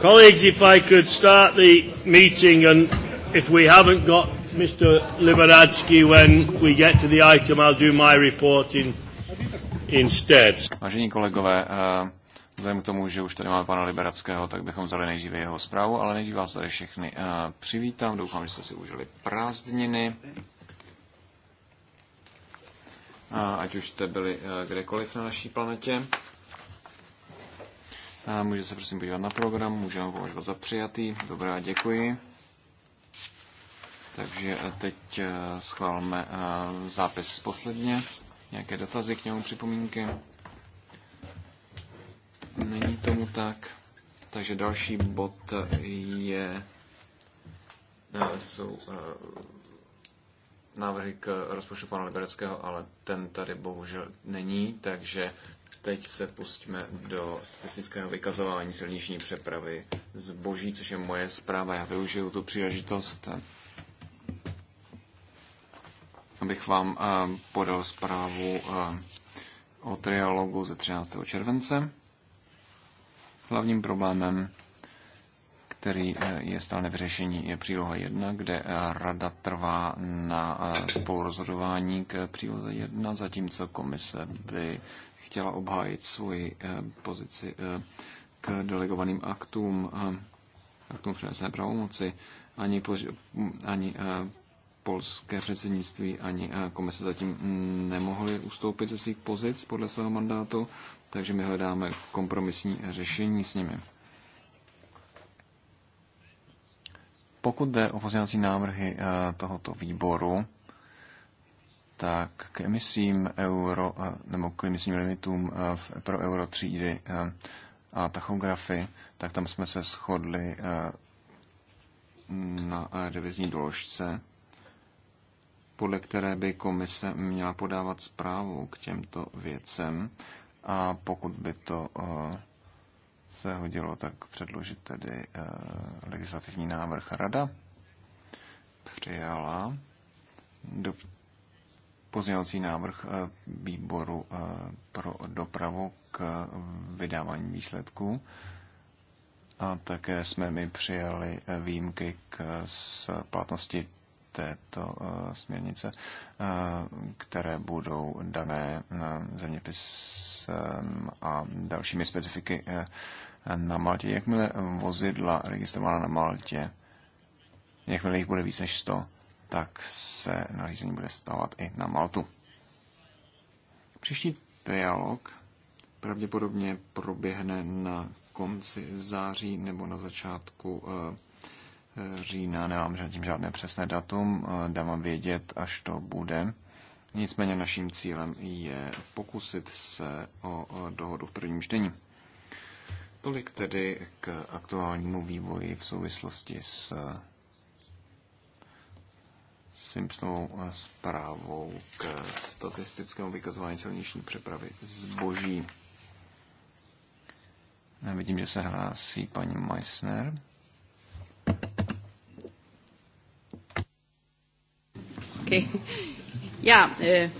Colleagues, if I could start the meeting, and if we haven't got Mr. Liberadsky when we get to the item, I'll do my report in, instead. Vážení kolegové, uh, vzhledem k tomu, že už tady máme pana Liberadského, tak bychom vzali nejdříve jeho zprávu, ale nejdřív vás tady všechny uh, přivítám. Doufám, že jste si užili prázdniny. Uh, Ať už jste byli uh, kdekoliv na naší planetě. A může se prosím podívat na program, můžeme považovat za přijatý. Dobrá, děkuji. Takže eh, teď eh, schválme eh, zápis posledně. Nějaké dotazy k němu, připomínky? Není tomu tak. Takže další bod je, jsou návrhy k rozpočtu pana Libereckého, ale ten tady bohužel není, takže Teď se pustíme do statistického vykazování silniční přepravy zboží, což je moje zpráva. Já využiju tu příležitost, abych vám eh, podal zprávu eh, o trialogu ze 13. července. Hlavním problémem, který eh, je stále nevyřešení, je příloha 1, kde rada trvá na spolurozhodování k příloze 1, zatímco komise by chtěla obhájit svoji eh, pozici eh, k delegovaným aktům, eh, aktům přenesené pravomoci. Ani, pož- ani polské předsednictví, ani komise zatím nemohly ustoupit ze svých pozic podle svého mandátu, takže my hledáme kompromisní řešení s nimi. Pokud jde o pozměňovací návrhy tohoto výboru, tak k emisím euro, eh, nebo k emisním limitům eh, pro euro třídy eh, a tachografy, tak tam jsme se shodli na revizní doložce, podle které by komise měla podávat zprávu k těmto věcem a pokud by to se hodilo, tak předložit tedy legislativní návrh rada přijala do pozměňovací návrh eh, výboru eh, pro dopravu k vydávání výsledků. A také jsme mi přijali eh, výjimky k splatnosti této směrnice, které budou dané zeměpis a dalšími specifiky na Maltě. Jakmile vozidla registrovaná na Maltě, jakmile jich bude více než 100, tak se nařízení bude stávat i na Maltu. Příští dialog pravděpodobně proběhne na konci září nebo na začátku eh, října. Nemám zatím žádné přesné datum, eh, dám vám vědět, až to bude. Nicméně naším cílem je pokusit se o eh, dohodu v prvním čtení. Tolik tedy k aktuálnímu vývoji v souvislosti s Simpsonovou eh, zprávou k statistickému vykazování silniční přepravy zboží. Vidím, že se hlásí paní Meissner. Okay. Yeah, uh,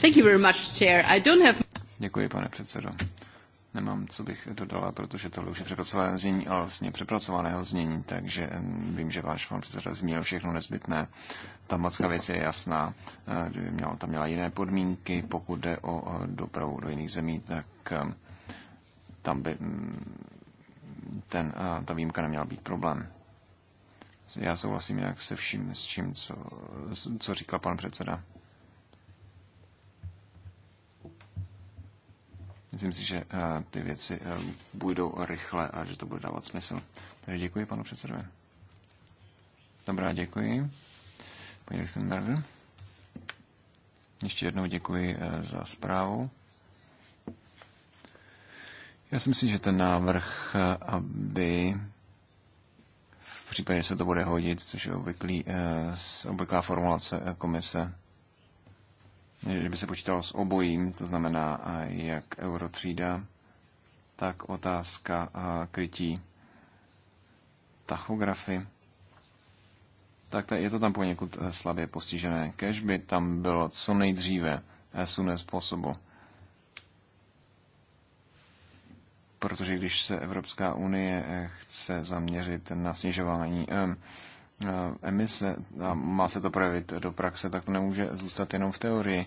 thank you very much, Chair. I don't have... Děkuji, pane předsedo. Nemám, co bych dodala, protože tohle už je přepracované znění, ale vlastně přepracovaného znění, takže eh, vím, že váš pan předseda zmínil všechno nezbytné. Ta mocka věc je jasná, kdyby eh, měla, tam měla jiné podmínky, pokud jde o eh, dopravu do jiných zemí, tak tam by mm, ten, ta výjimka neměla být problém. Já souhlasím jinak se vším, s čím, co, co říkal pan předseda. Myslím si, že eh, ty věci budou eh, rychle a že to bude dávat smysl. Takže děkuji panu předsedovi. Dobrá, děkuji. Pani Lichtenberger. Ještě jednou děkuji eh, za zprávu. Já si myslím, že ten návrh, aby v případě, že se to bude hodit, což je obvyklý, obvyklá formulace komise, že by se počítalo s obojím, to znamená jak eurotřída, tak otázka krytí tachografy. Tak je to tam poněkud eh, slabě postižené. Kež by tam bylo co nejdříve, as způsobu. protože když se Evropská unie eh, chce zaměřit na snižování Eh, emise a má se to projevit do praxe, tak to nemůže zůstat jenom v teorii.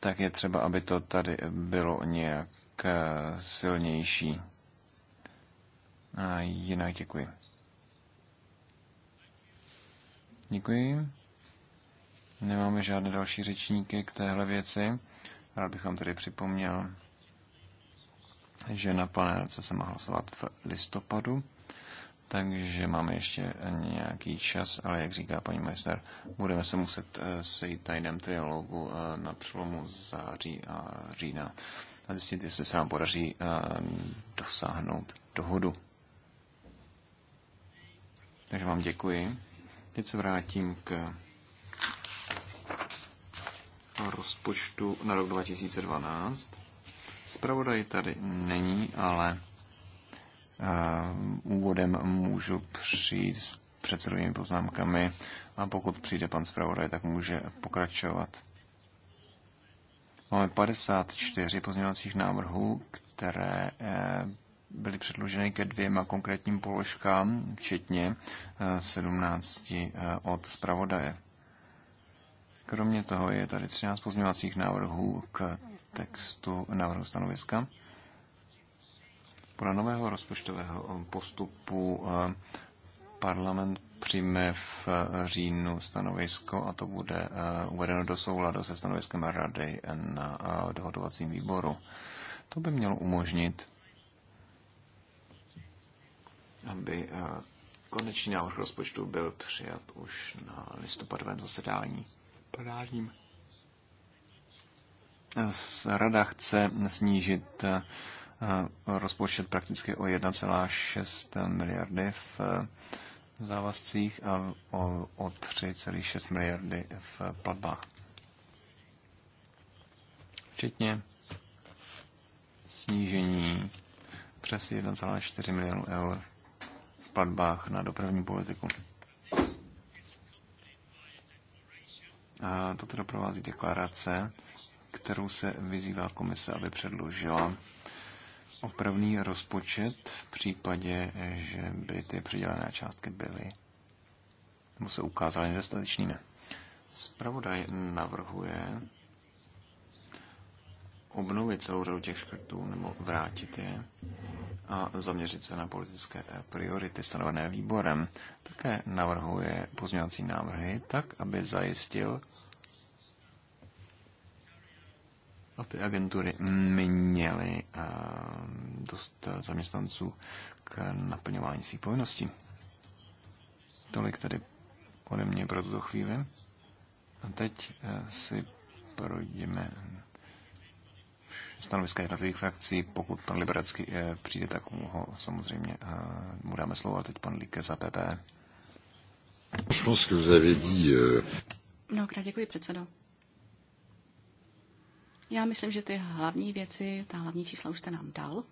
Tak je třeba, aby to tady bylo nějak eh, silnější. A jinak děkuji. Děkuji. Nemáme žádné další řečníky k téhle věci. Rád bych vám tedy připomněl, že na panelce se má hlasovat v listopadu takže máme ještě nějaký čas, ale jak říká paní majster, budeme se muset eh, sejít tajném trialogu eh, na přelomu září a října a zjistit, jestli se nám podaří eh, dosáhnout dohodu. Takže vám děkuji. Teď se vrátím k rozpočtu na rok 2012. Spravodaj tady není, ale úvodem můžu přijít s předsedovými poznámkami a pokud přijde pan zpravodaj, tak může pokračovat. Máme 54 pozměňovacích návrhů, které eh, byly předloženy ke dvěma konkrétním položkám, včetně 17 eh, eh, od zpravodaje. Kromě toho je tady 13 pozměňovacích návrhů k textu návrhu stanoviska podle nového rozpočtového postupu eh, parlament přijme v eh, říjnu stanovisko a to bude eh, uvedeno do souladu se stanoviskem Rady na dohodovacím výboru. To by mělo umožnit, aby konečný návrh rozpočtu byl přijat už na listopadovém zasedání plenárním. Rada chce snížit Eh, rozpočet prakticky o 1,6 miliardy v eh, závazcích a o, o 3,6 miliardy v platbách. Včetně snížení přes 1,4 milionů eur v platbách na dopravní politiku. A toto doprovází deklarace, kterou se vyzývá komise, aby předložila opravný rozpočet v případě, že by ty přidělené částky byly nebo se ukázaly nedostatečnými. Spravodaj navrhuje obnovit celou řadu těch škrtů nebo vrátit je a zaměřit se na politické priority stanovené výborem. Také navrhuje pozměňovací návrhy tak, aby zajistil, aby agentury měly eh, dost zaměstnanců k naplňování svých povinností. Tolik tady, ode mě pro tuto chvíli. A teď eh, si projdeme stanoviska jednotlivých frakcí. Pokud pan Liberacký eh, přijde, tak mu ho samozřejmě mu dáme slovo, A teď pan Líke za PP. Euh, Mnohokrát děkuji, předsedo. Já myslím, že ty hlavní věci, ta hlavní čísla už jste nám dal.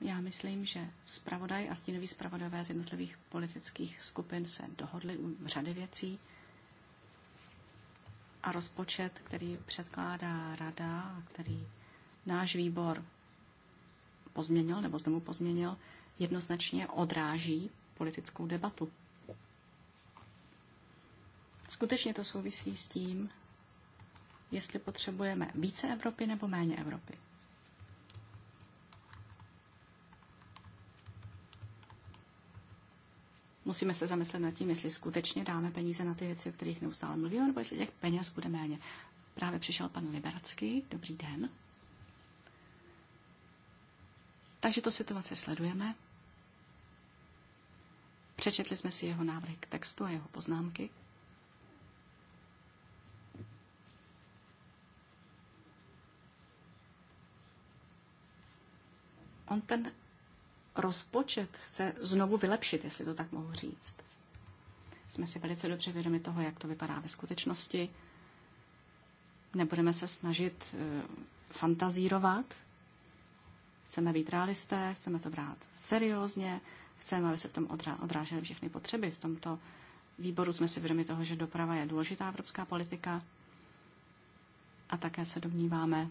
Já myslím, že zpravodaj a stínoví zpravodajové z jednotlivých politických skupin se dohodli u řady věcí a rozpočet, který předkládá rada a který náš výbor pozměnil nebo znovu pozměnil, jednoznačně odráží politickou debatu Skutečně to souvisí s tím, jestli potřebujeme více Evropy nebo méně Evropy. Musíme se zamyslet nad tím, jestli skutečně dáme peníze na ty věci, o kterých neustále mluvíme, nebo jestli těch peněz bude méně. Právě přišel pan Liberacký. Dobrý den. Takže to situaci sledujeme. Přečetli jsme si jeho návrh k textu a jeho poznámky. On ten rozpočet chce znovu vylepšit, jestli to tak mohu říct. Jsme si velice dobře vědomi toho, jak to vypadá ve skutečnosti. Nebudeme se snažit eh, fantazírovat. Chceme být realisté, chceme to brát seriózně, chceme, aby se v tom odrážely všechny potřeby. V tomto výboru jsme si vědomi toho, že doprava je důležitá evropská politika a také se domníváme,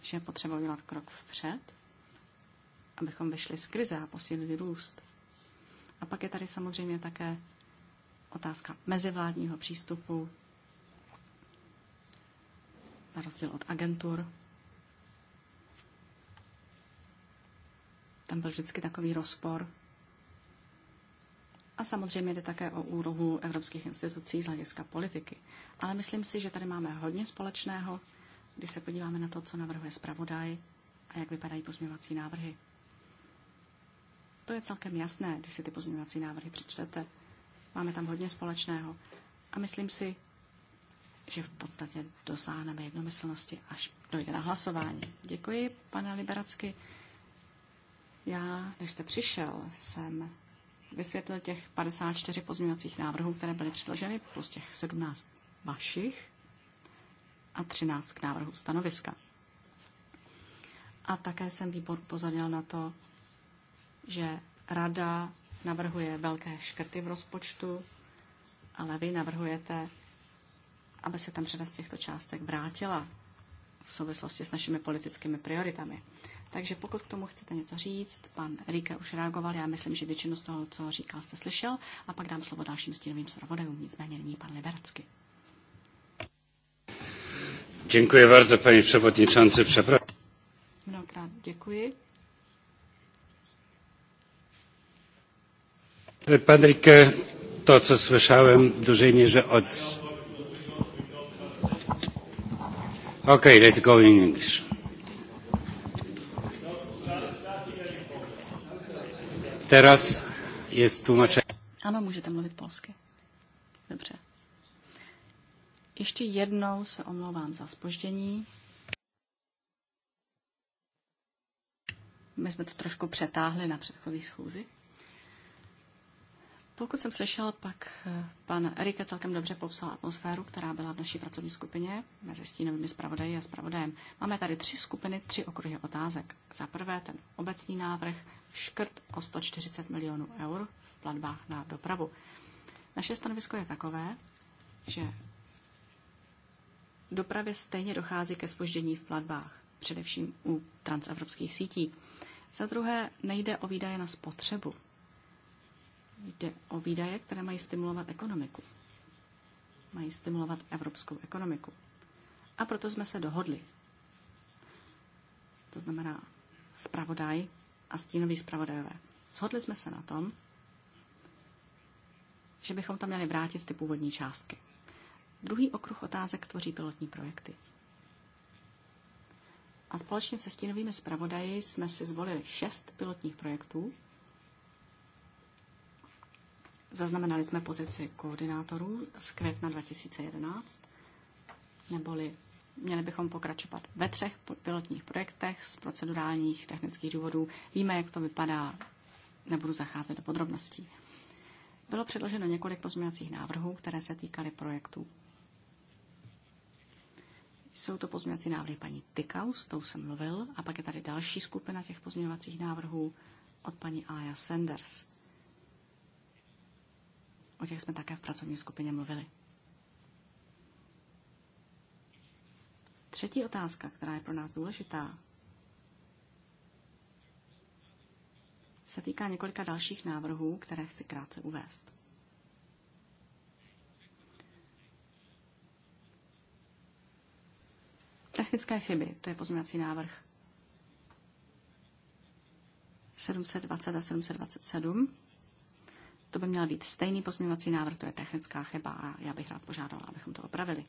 že je potřeba udělat krok vpřed abychom vyšli z krize a posílili růst. A pak je tady samozřejmě také otázka mezivládního přístupu, na rozdíl od agentur. Tam byl vždycky takový rozpor. A samozřejmě jde také o úrohu evropských institucí z hlediska politiky. Ale myslím si, že tady máme hodně společného, když se podíváme na to, co navrhuje zpravodaj a jak vypadají pozměvací návrhy. To je celkem jasné, když si ty pozměňovací návrhy přečtete. Máme tam hodně společného a myslím si, že v podstatě dosáhneme jednomyslnosti, až dojde na hlasování. Děkuji, pane Liberacky. Já, než jste přišel, jsem vysvětlil těch 54 pozměňovacích návrhů, které byly předloženy, plus těch 17 vašich a 13 k návrhu stanoviska. A také jsem výbor upozornil na to, že rada navrhuje velké škrty v rozpočtu, ale vy navrhujete, aby se tam řada z těchto částek vrátila v souvislosti s našimi politickými prioritami. Takže pokud k tomu chcete něco říct, pan Ríke už reagoval, já myslím, že většinu z toho, co říkal, jste slyšel, a pak dám slovo dalším stínovým zpravodajům, nicméně nyní pan Liberacky. Děkuji bardzo, paní předsedající. Mnohokrát děkuji. Patryk, to, co słyszałem w dużej mierze od... Okay, let's go in English. Teraz jest tłumaczenie. Ano, můžete mluvit polsky. Dobře. Ještě jednou se omlouvám za spoždění. My jsme to trošku přetáhli na předchozí schůzi. Pokud jsem slyšel, pak eh, pan Erika celkem dobře popsal atmosféru, která byla v naší pracovní skupině mezi stínovými zpravodaji a zpravodajem. Máme tady tři skupiny, tři okruhy otázek. Za prvé ten obecný návrh škrt o 140 milionů eur v platbách na dopravu. Naše stanovisko je takové, že dopravě stejně dochází ke spoždění v platbách, především u transevropských sítí. Za druhé nejde o výdaje na spotřebu, Jde o výdaje, které mají stimulovat ekonomiku. Mají stimulovat evropskou ekonomiku. A proto jsme se dohodli. To znamená zpravodaj a stínový zpravodajové. Shodli jsme se na tom, že bychom tam měli vrátit ty původní částky. Druhý okruh otázek tvoří pilotní projekty. A společně se stínovými zpravodaji jsme si zvolili šest pilotních projektů, Zaznamenali jsme pozici koordinátorů z května 2011, neboli měli bychom pokračovat ve třech pilotních projektech z procedurálních technických důvodů. Víme, jak to vypadá, nebudu zacházet do podrobností. Bylo předloženo několik pozměňovacích návrhů, které se týkaly projektů. Jsou to pozměňovací návrhy paní Tykau, s tou jsem mluvil, a pak je tady další skupina těch pozměňovacích návrhů od paní Aja Sanders. O těch jsme také v pracovní skupině mluvili. Třetí otázka, která je pro nás důležitá, se týká několika dalších návrhů, které chci krátce uvést. Technické chyby, to je pozměňovací návrh 720 a 727. To by měl být stejný pozměňovací návrh, to je technická chyba a já bych rád požádala, abychom to opravili.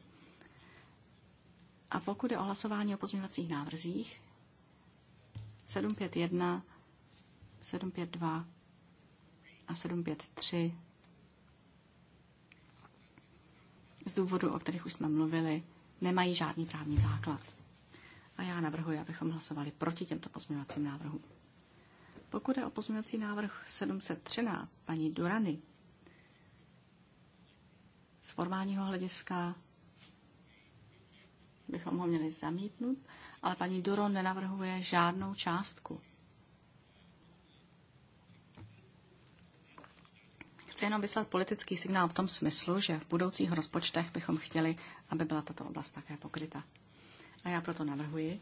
A pokud je o hlasování o pozměňovacích návrzích, 751, 752 a 753 z důvodu, o kterých už jsme mluvili, nemají žádný právní základ. A já navrhuji, abychom hlasovali proti těmto pozměňovacím návrhům. Pokud je o pozměňovací návrh 713 paní Durany, z formálního hlediska bychom ho měli zamítnout, ale paní Duro nenavrhuje žádnou částku. Chci jenom vyslat politický signál v tom smyslu, že v budoucích rozpočtech bychom chtěli, aby byla tato oblast také pokryta. A já proto navrhuji,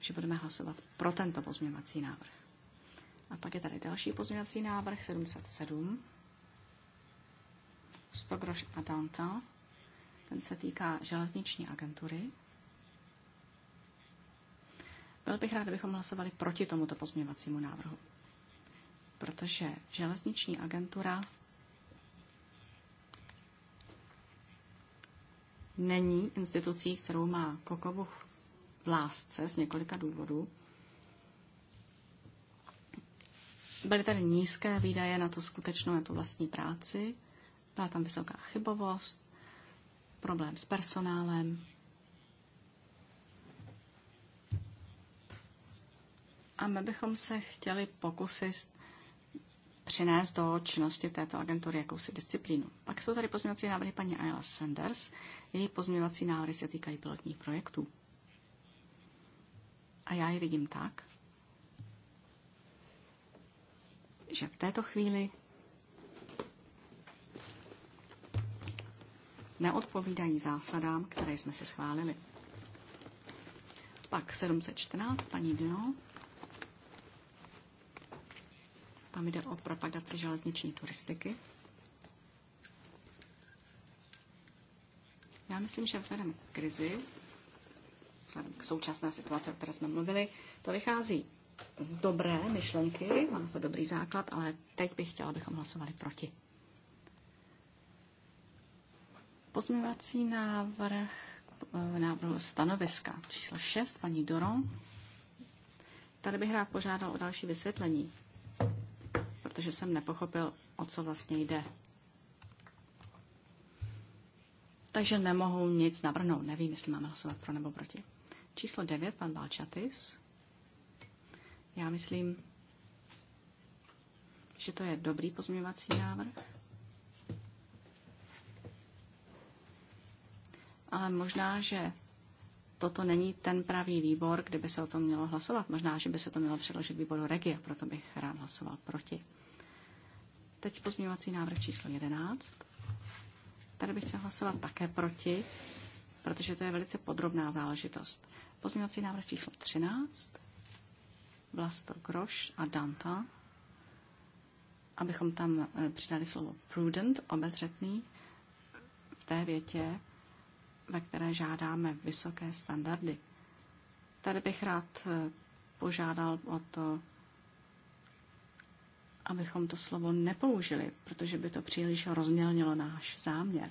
že budeme hlasovat pro tento pozměňovací návrh. A pak je tady další pozměňovací návrh 100 Stogroš a Downtown. Ten se týká železniční agentury. Byl bych rád, abychom hlasovali proti tomuto pozměňovacímu návrhu, protože železniční agentura není institucí, kterou má Kokovuch v lásce z několika důvodů. Byly tady nízké výdaje na tu skutečnou, na tu vlastní práci, byla tam vysoká chybovost, problém s personálem. A my bychom se chtěli pokusit přinést do činnosti této agentury jakousi disciplínu. Pak jsou tady pozměňovací návrhy paní Ayla Sanders. Její pozměňovací návrhy se týkají pilotních projektů. A já je vidím tak, že v této chvíli neodpovídají zásadám, které jsme si schválili. Pak 714, paní Dino. Tam jde o propagaci železniční turistiky. Já myslím, že vzhledem k krizi vzhledem k současné situaci, o které jsme mluvili. To vychází z dobré myšlenky, má to dobrý základ, ale teď bych chtěla, abychom hlasovali proti. Pozměňovací návrh eh, návrhu stanoviska číslo 6, paní Doro. Tady bych rád požádal o další vysvětlení, protože jsem nepochopil, o co vlastně jde. Takže nemohu nic navrhnout. Nevím, jestli máme hlasovat pro nebo proti. Číslo 9, pan Balčatis. Já myslím, že to je dobrý pozměňovací návrh. Ale možná, že toto není ten pravý výbor, kde by se o tom mělo hlasovat. Možná, že by se to mělo předložit výboru Regia, proto bych rád hlasoval proti. Teď pozměňovací návrh číslo 11. Tady bych chtěl hlasovat také proti, protože to je velice podrobná záležitost. Pozměňovací návrh číslo 13. Vlasto Groš a Danta. Abychom tam eh, přidali slovo prudent, obezřetný, v té větě, ve které žádáme vysoké standardy. Tady bych rád eh, požádal o to, abychom to slovo nepoužili, protože by to příliš rozmělnilo náš záměr.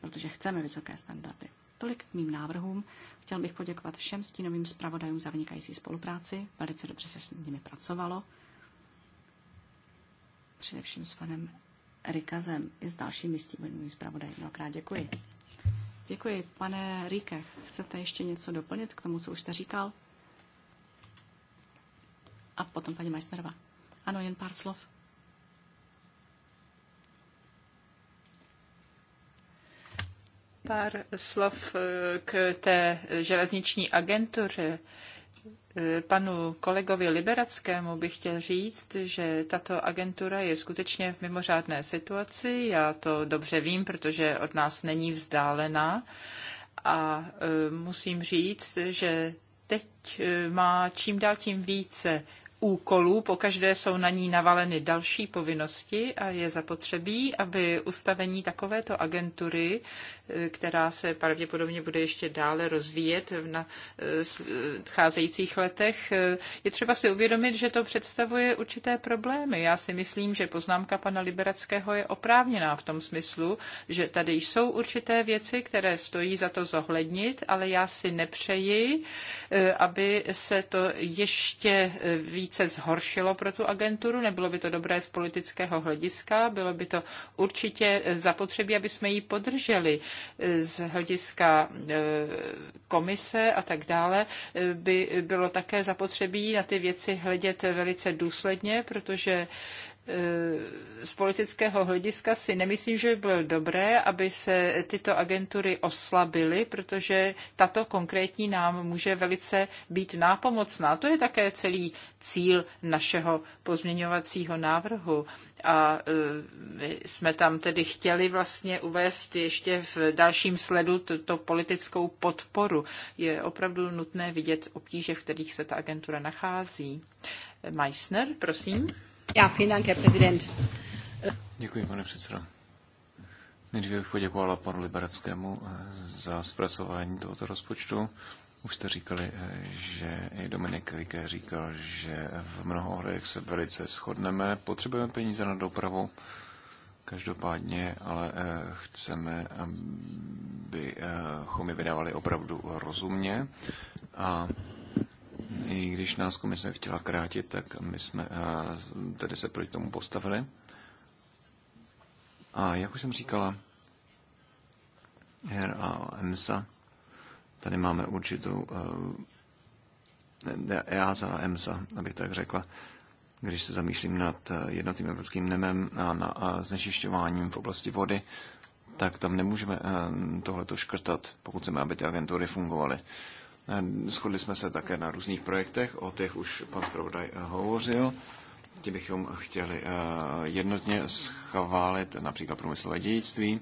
Protože chceme vysoké standardy. Tolik k mým návrhům. Chtěl bych poděkovat všem stínovým zpravodajům za vynikající spolupráci. Velice dobře se s nimi pracovalo. Především s panem Rikazem i s dalšími stínovými zpravodaji. Mnohokrát děkuji. Děkuji. Pane Ríke, chcete ještě něco doplnit k tomu, co už jste říkal? A potom paní Majsmerová. Ano, jen pár slov. Pár slov eh, k té železniční agentuře. Eh, panu kolegovi Liberackému bych chtěl říct, že tato agentura je skutečně v mimořádné situaci. Já to dobře vím, protože od nás není vzdálená. A eh, musím říct, že teď má čím dál tím více úkolů, pokaždé jsou na ní navaleny další povinnosti a je zapotřebí, aby ustavení takovéto agentury, eh, která se pravděpodobně bude ještě dále rozvíjet v nadcházejících eh, eh, letech, je třeba si uvědomit, že to představuje určité problémy. Já si myslím, že poznámka pana Liberackého je oprávněná v tom smyslu, že tady jsou určité věci, které stojí za to zohlednit, ale já si nepřeji, aby se to ještě víc více zhoršilo pro tu agenturu, nebylo by to dobré z politického hlediska, bylo by to určitě eh, zapotřebí, aby jsme ji podrželi eh, z hlediska eh, komise a tak dále, by bylo také zapotřebí na ty věci hledět velice důsledně, protože Eh, z politického hlediska si nemyslím, že by bylo dobré, aby se tyto agentury oslabily, protože tato konkrétní nám může velice být nápomocná. To je také celý cíl našeho pozměňovacího návrhu. A eh, my jsme tam tedy chtěli vlastně uvést ještě v dalším sledu tuto politickou podporu. Je opravdu nutné vidět obtíže, v kterých se ta agentura nachází. Eh, Meissner, prosím. Já, vielen Dank, Herr Präsident. Děkuji, pane předsedo. Nejdříve bych poděkovala panu Liberackému eh, za zpracování tohoto rozpočtu. Už jste říkali, eh, že i Dominik Rike říkal, že v mnoha ohledech se velice shodneme. Potřebujeme peníze na dopravu, každopádně, ale eh, chceme, abychom je vydávali opravdu rozumně. A i když nás komise chtěla krátit, tak my jsme eh, tedy se proti tomu postavili. A jak už jsem říkala, her a EMSA, tady máme určitou EASA a EMSA, abych tak řekla, když se zamýšlím nad eh, jednotým evropským nemem a na znečišťováním v oblasti vody, tak tam nemůžeme eh, tohleto škrtat, pokud chceme, aby ty agentury fungovaly. Shodli jsme se také na různých projektech, o těch už pan zpravodaj eh, hovořil. Ti bychom chtěli eh, jednotně schválit například průmyslové dědictví,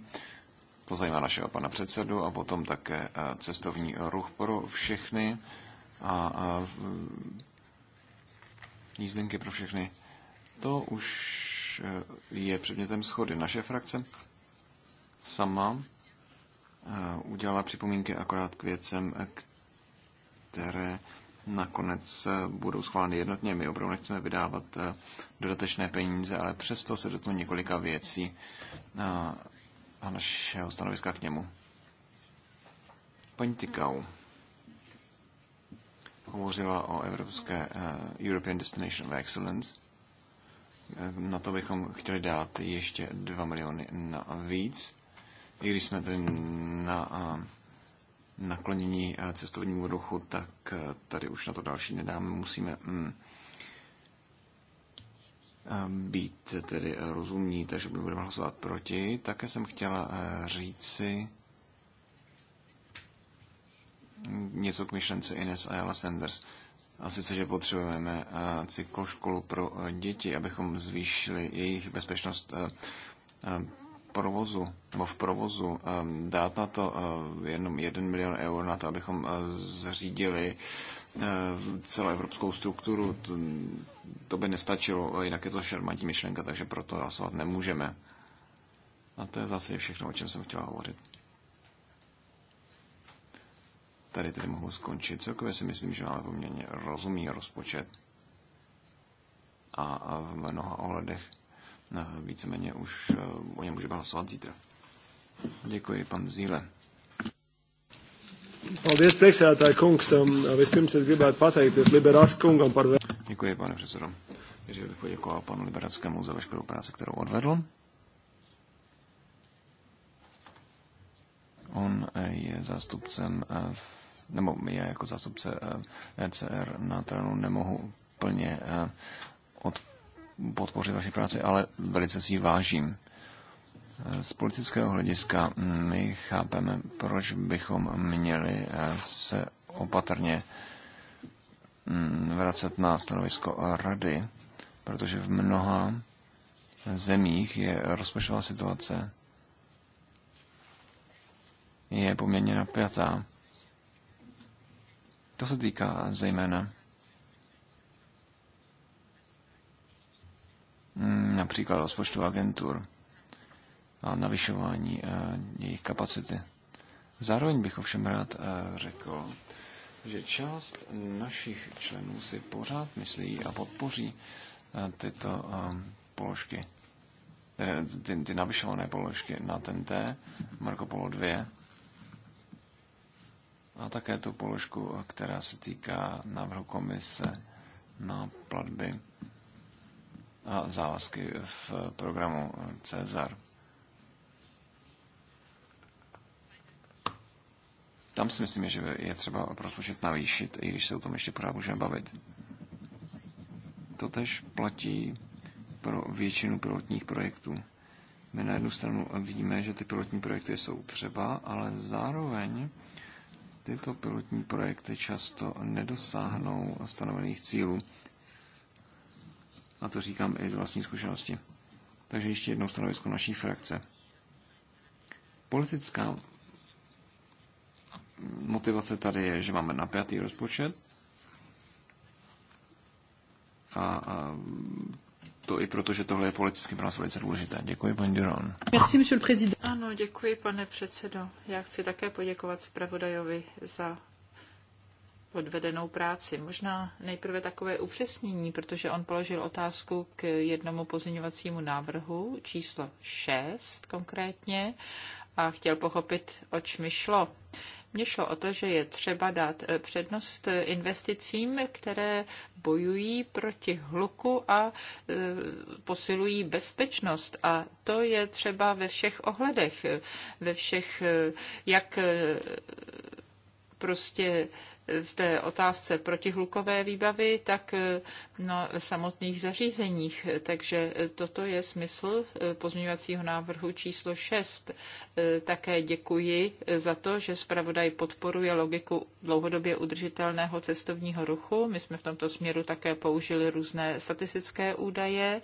to zajímá našeho pana předsedu, a potom také eh, cestovní ruch pro všechny a mm, jízdenky pro všechny. To už je předmětem schody. Naše frakce sama udělala připomínky akorát k věcem, k které nakonec eh, budou schváleny jednotně. My opravdu nechceme vydávat eh, dodatečné peníze, ale přesto se dotknu několika věcí eh, a našeho stanoviska k němu. Paní Tykau hovořila o evropské European Destination of Excellence. Na to bychom chtěli dát ještě 2 miliony na víc, i když jsme tady na naklonění eh, cestovnímu ruchu, tak eh, tady už na to další nedáme. Musíme mm, eh, být tedy rozumní, takže budeme hlasovat proti. Také jsem chtěla říci něco k myšlence Ines Ayala Sanders. A sice, že potřebujeme cykloškolu pro děti, abychom zvýšili jejich bezpečnost provozu, nebo v provozu, ehm, dát na to ehm, jenom 1 milion eur na to, abychom ehm, zřídili celou evropskou strukturu, to, by nestačilo, jinak je to šarmantní myšlenka, takže proto hlasovat nemůžeme. A to je zase všechno, o čem jsem chtěla hovořit. Tady tedy mohu skončit. Celkově si myslím, že máme poměrně rozumný rozpočet a v mnoha ohledech Víceméně už eh, o něm můžeme hlasovat zítra. Děkuji, pan Zīle. Paldies, priekšsēdētāji kungs. Vispirms es gribētu pateikties Liberāts kungam par... Děkuji, pane předsedo. Takže bych poděkoval panu Liberackému za veškerou práci, kterou odvedl. On eh, je zástupcem, eh, nebo já jako zástupce ECR e na terénu nemohu plně od podpořit vaši práci, ale velice si ji vážím. Z politického hlediska my chápeme, proč bychom měli eh, se opatrně mm, vracet na stanovisko rady, protože v mnoha zemích je rozpočtová situace je poměrně napjatá. To se týká zejména Mm, například rozpočtu agentur a navyšování eh, jejich kapacity. Zároveň bych ovšem rád eh, řekl, že část našich členů si pořád myslí a podpoří eh, tyto položky, ty, ty navyšované položky na T, Marco Polo 2 a také tu položku, která se týká návrhu komise na platby a závazky v programu Cezar. Tam si myslím, že je třeba rozpočet navýšit, i když se o tom ještě pořád můžeme bavit. Totež platí pro většinu pilotních projektů. My na jednu stranu víme, že ty pilotní projekty jsou třeba, ale zároveň tyto pilotní projekty často nedosáhnou stanovených cílů. A to říkám i z vlastní zkušenosti. Takže ještě jedno stanovisko naší frakce. Politická motivace tady je, že máme napjatý rozpočet a, a to i proto, že tohle je politicky pro nás velice důležité. Děkuji, paní Duron. Merci, monsieur le président. Ano, děkuji, pane předsedo. Já chci také poděkovat zpravodajovi za odvedenou práci. Možná nejprve takové upřesnění, protože on položil otázku k jednomu pozměňovacímu návrhu, číslo 6 konkrétně, a chtěl pochopit, oč mi šlo. Mně šlo o to, že je třeba dát eh, přednost eh, investicím, které bojují proti hluku a eh, posilují bezpečnost. A to je třeba ve všech ohledech, ve všech, jak prostě v té otázce protihlukové výbavy, tak eh, na samotných zařízeních. Takže eh, toto je smysl eh, pozměňovacího návrhu číslo 6. Také děkuji za to, že zpravodaj podporuje logiku dlouhodobě udržitelného cestovního ruchu. My jsme v tomto směru také použili různé statistické údaje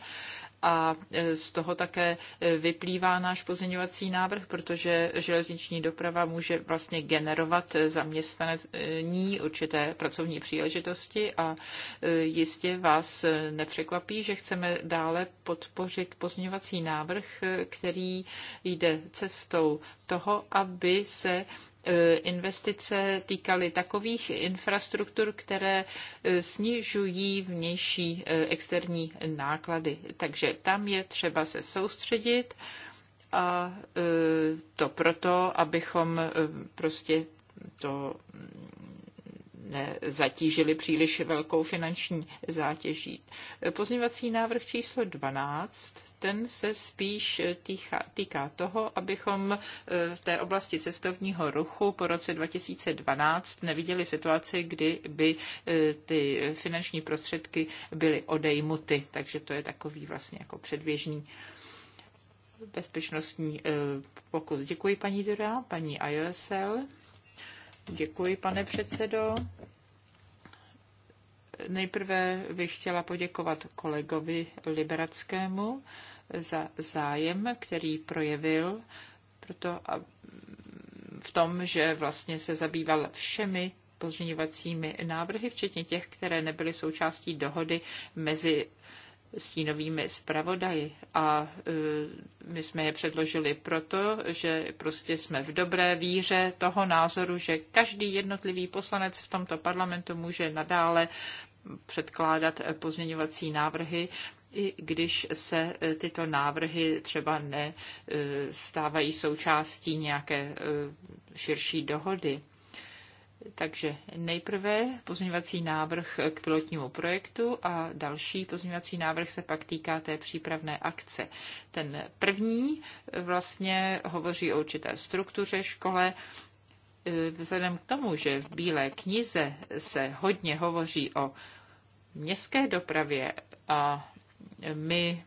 a e, z toho také e, vyplývá náš pozměňovací návrh, protože železniční doprava může vlastně generovat zaměstnaní určité pracovní příležitosti a e, jistě vás nepřekvapí, že chceme dále podpořit pozměňovací návrh, který jde cestou toho, aby se E, investice týkaly takových infrastruktur, které e, snižují vnější e, externí náklady. Takže tam je třeba se soustředit a to proto, abychom prostě to nezatížili příliš velkou finanční zátěží. Pozměvací návrh číslo 12, ten se spíš týká, týká toho, abychom eh, v té oblasti cestovního ruchu po roce 2012 neviděli situaci, kdy by eh, ty finanční prostředky byly odejmuty. Takže to je takový vlastně jako předběžný bezpečnostní eh, pokus. Děkuji paní Dora, paní IOSL. Děkuji, pane předsedo. Nejprve bych chtěla poděkovat kolegovi Liberackému za zájem, který projevil proto v tom, že vlastně se zabýval všemi pozměňovacími návrhy, včetně těch, které nebyly součástí dohody mezi stínovými zpravodaji a e, my jsme je předložili proto, že prostě jsme v dobré víře toho názoru, že každý jednotlivý poslanec v tomto parlamentu může nadále předkládat e, pozměňovací návrhy, i když se e, tyto návrhy třeba nestávají součástí nějaké širší dohody. Takže nejprve pozměňovací návrh k pilotnímu projektu a další pozměňovací návrh se pak týká té přípravné akce. Ten první vlastně hovoří o určité struktuře škole, e, vzhledem k tomu, že v Bílé knize se hodně hovoří o městské dopravě a my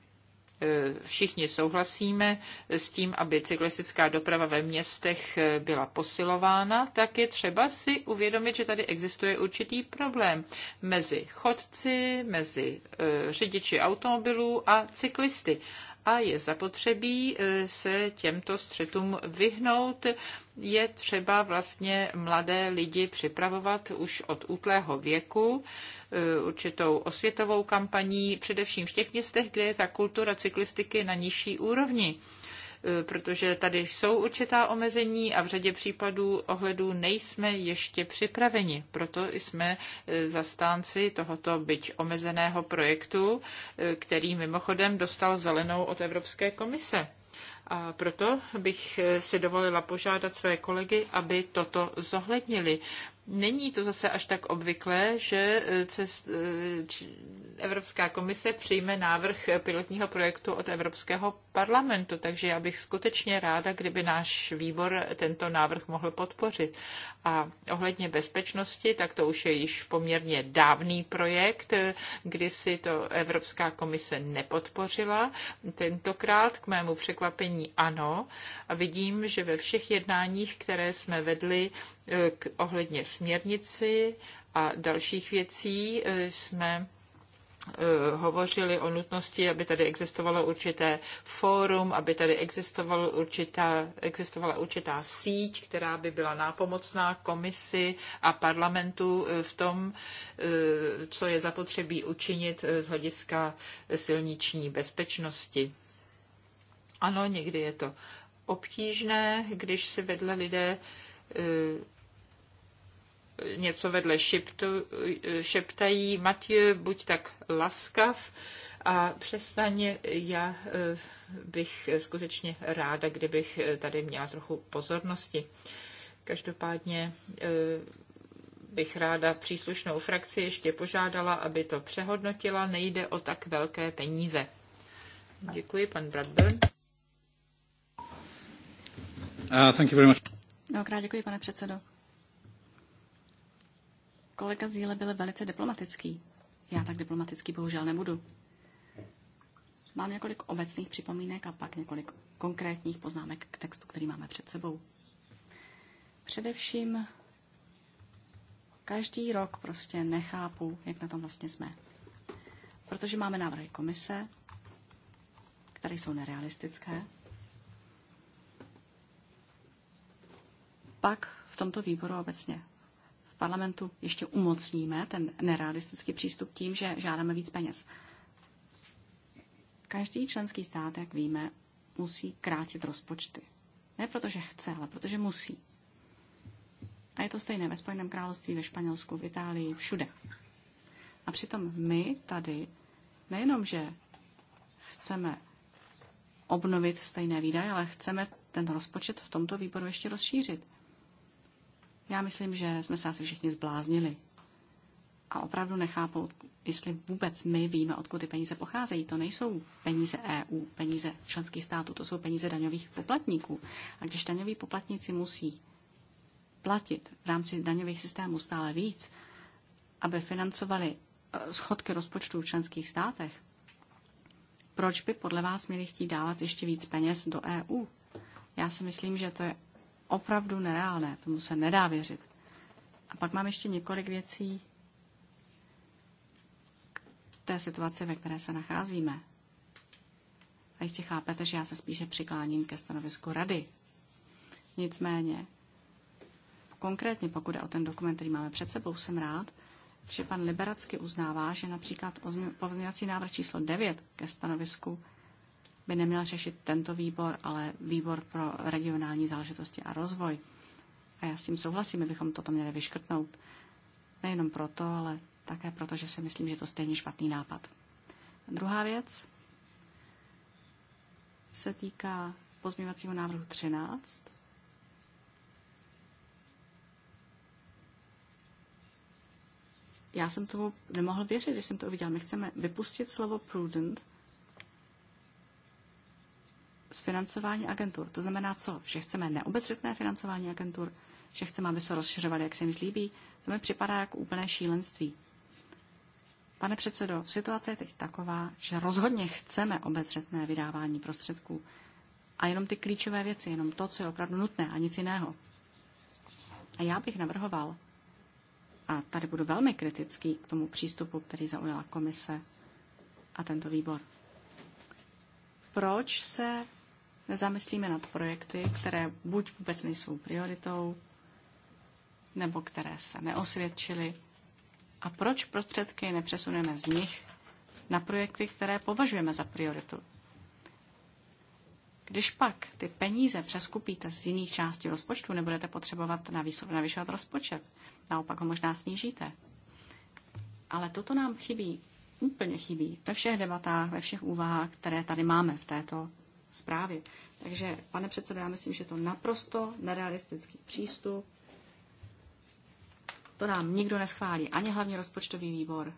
E, všichni souhlasíme s tím, aby cyklistická doprava ve městech e, byla posilována, tak je třeba si uvědomit, že tady existuje určitý problém mezi chodci, mezi e, řidiči automobilů a cyklisty a je zapotřebí se těmto střetům vyhnout. Je třeba vlastně mladé lidi připravovat už od útlého věku Eh, určitou osvětovou kampaní, především v těch městech, kde je ta kultura cyklistiky na nižší úrovni eh, protože tady jsou určitá omezení a v řadě případů ohledů nejsme ještě připraveni. Proto jsme eh, zastánci tohoto byť omezeného projektu, který mimochodem dostal zelenou od Evropské komise. A proto bych si dovolila požádat své kolegy, aby toto zohlednili. Není to zase až tak obvyklé, že e, cest, e, Evropská komise přijme návrh pilotního projektu od Evropského parlamentu, takže já bych skutečně ráda, kdyby náš výbor tento návrh mohl podpořit. A ohledně bezpečnosti, tak to už je již poměrně dávný projekt, e, kdy si to Evropská komise nepodpořila. Tentokrát k mému překvapení ano. A vidím, že ve všech jednáních, které jsme vedli k ohledně směrnici a dalších věcí eh, jsme eh, hovořili o nutnosti, aby tady existovalo určité fórum, aby tady existovalo určitá, existovala určitá síť, která by byla nápomocná komisi a parlamentu eh, v tom, co je zapotřebí učinit z hlediska silniční bezpečnosti. Ano, někdy je to obtížné, když si vedle lidé něco vedle šiptu, šeptají, Matěj, buď tak laskav a přestaň, já eh, bych skutečně ráda, kdybych eh, tady měla trochu pozornosti. Každopádně eh, bych ráda příslušnou frakci ještě požádala, aby to přehodnotila. Nejde o tak velké peníze. Děkuji, pan Bradburn. Uh, thank you very much. Mnohokrát děkuji, pane předsedo. Kolega Zíle byl velice diplomatický. Já tak diplomatický bohužel nebudu. Mám několik obecných připomínek a pak několik konkrétních poznámek k textu, který máme před sebou. Především každý rok prostě nechápu, jak na tom vlastně jsme. Protože máme návrhy komise, které jsou nerealistické. Pak v tomto výboru obecně parlamentu ještě umocníme ten nerealistický přístup tím, že žádáme víc peněz. Každý členský stát, jak víme, musí krátit rozpočty. Ne protože chce, ale protože musí. A je to stejné ve Spojeném království, ve Španělsku, v Itálii, všude. A přitom my tady nejenom, že chceme obnovit stejné výdaje, ale chceme ten rozpočet v tomto výboru ještě rozšířit. Já myslím, že jsme se asi všichni zbláznili. A opravdu nechápu, jestli vůbec my víme, odkud ty peníze pocházejí. To nejsou peníze EU, peníze členských států, to jsou peníze daňových poplatníků. A když daňoví poplatníci musí platit v rámci daňových systémů stále víc, aby financovali eh, schodky rozpočtů v členských státech, proč by podle vás měli chtít dávat ještě víc peněz do EU? Já si myslím, že to je opravdu nereálné, tomu se nedá věřit. A pak mám ještě několik věcí k té situaci, ve které se nacházíme. A jistě chápete, že já se spíše přikláním ke stanovisku rady. Nicméně, konkrétně pokud je o ten dokument, který máme před sebou, jsem rád, že pan Liberacky uznává, že například pozměňovací návrh číslo 9 ke stanovisku by neměl řešit tento výbor, ale výbor pro regionální záležitosti a rozvoj. A já s tím souhlasím, my bychom toto měli vyškrtnout. Nejenom proto, ale také proto, že si myslím, že to stejně špatný nápad. Druhá věc se týká pozměňovacího návrhu 13. Já jsem tomu nemohl věřit, když jsem to uviděl. My chceme vypustit slovo prudent – z financování agentur. To znamená co? Že chceme neobezřetné financování agentur, že chceme, aby se rozšiřovaly, jak se jim zlíbí. To mi připadá jako úplné šílenství. Pane předsedo, situace je teď taková, že rozhodně chceme obezřetné vydávání prostředků a jenom ty klíčové věci, jenom to, co je opravdu nutné a nic jiného. A já bych navrhoval, a tady budu velmi kritický k tomu přístupu, který zaujala komise a tento výbor. Proč se nezamyslíme nad projekty, které buď vůbec nejsou prioritou, nebo které se neosvědčily. A proč prostředky nepřesuneme z nich na projekty, které považujeme za prioritu? Když pak ty peníze přeskupíte z jiných částí rozpočtu, nebudete potřebovat navyšovat rozpočet. Naopak ho možná snížíte. Ale toto nám chybí, úplně chybí ve všech debatách, ve všech úvahách, které tady máme v této zprávy. Takže, pane předsedo, já myslím, že to naprosto nerealistický přístup. To nám nikdo neschválí, ani hlavně rozpočtový výbor,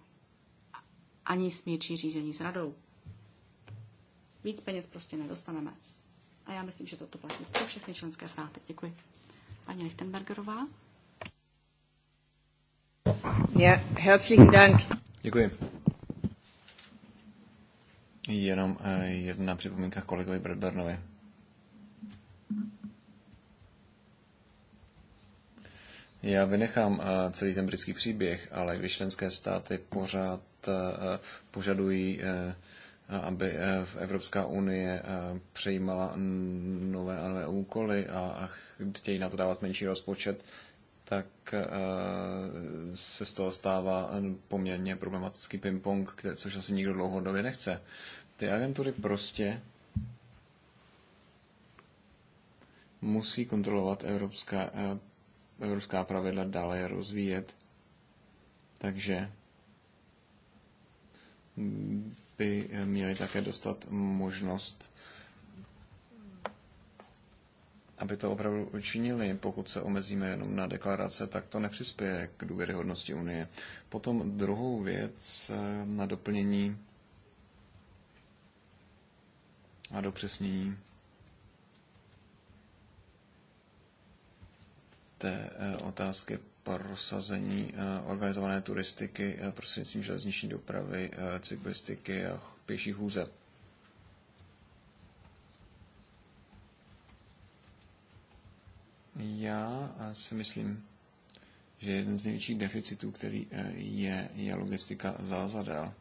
ani směrčí řízení s radou. Víc peněz prostě nedostaneme. A já myslím, že toto platí pro všechny členské státy. Děkuji. Paní Lichtenbergerová. Ja, herzlichen Dank. Děkuji. Jenom eh, jedna připomínka kolegovi Bradburnovi. Já vynechám eh, celý ten britský příběh, ale když členské státy pořád eh, požadují, aby Evropská unie přejímala nové a nové úkoly a chtějí na to dávat menší rozpočet, tak se z toho stává poměrně problematický ping-pong, což asi nikdo dlouhodobě nechce. Ty agentury prostě musí kontrolovat evropská, eh, evropská pravidla dále je rozvíjet. Takže by měli také dostat možnost, aby to opravdu učinili. Pokud se omezíme jenom na deklarace, tak to nepřispěje k důvěryhodnosti Unie. Potom druhou věc eh, na doplnění a do přesnění té eh, otázky prosazení eh, organizované turistiky eh, prostřednictvím železniční dopravy, cyklistiky a pěší hůze. Já si myslím, že jeden z největších deficitů, který je, je logistika zázadel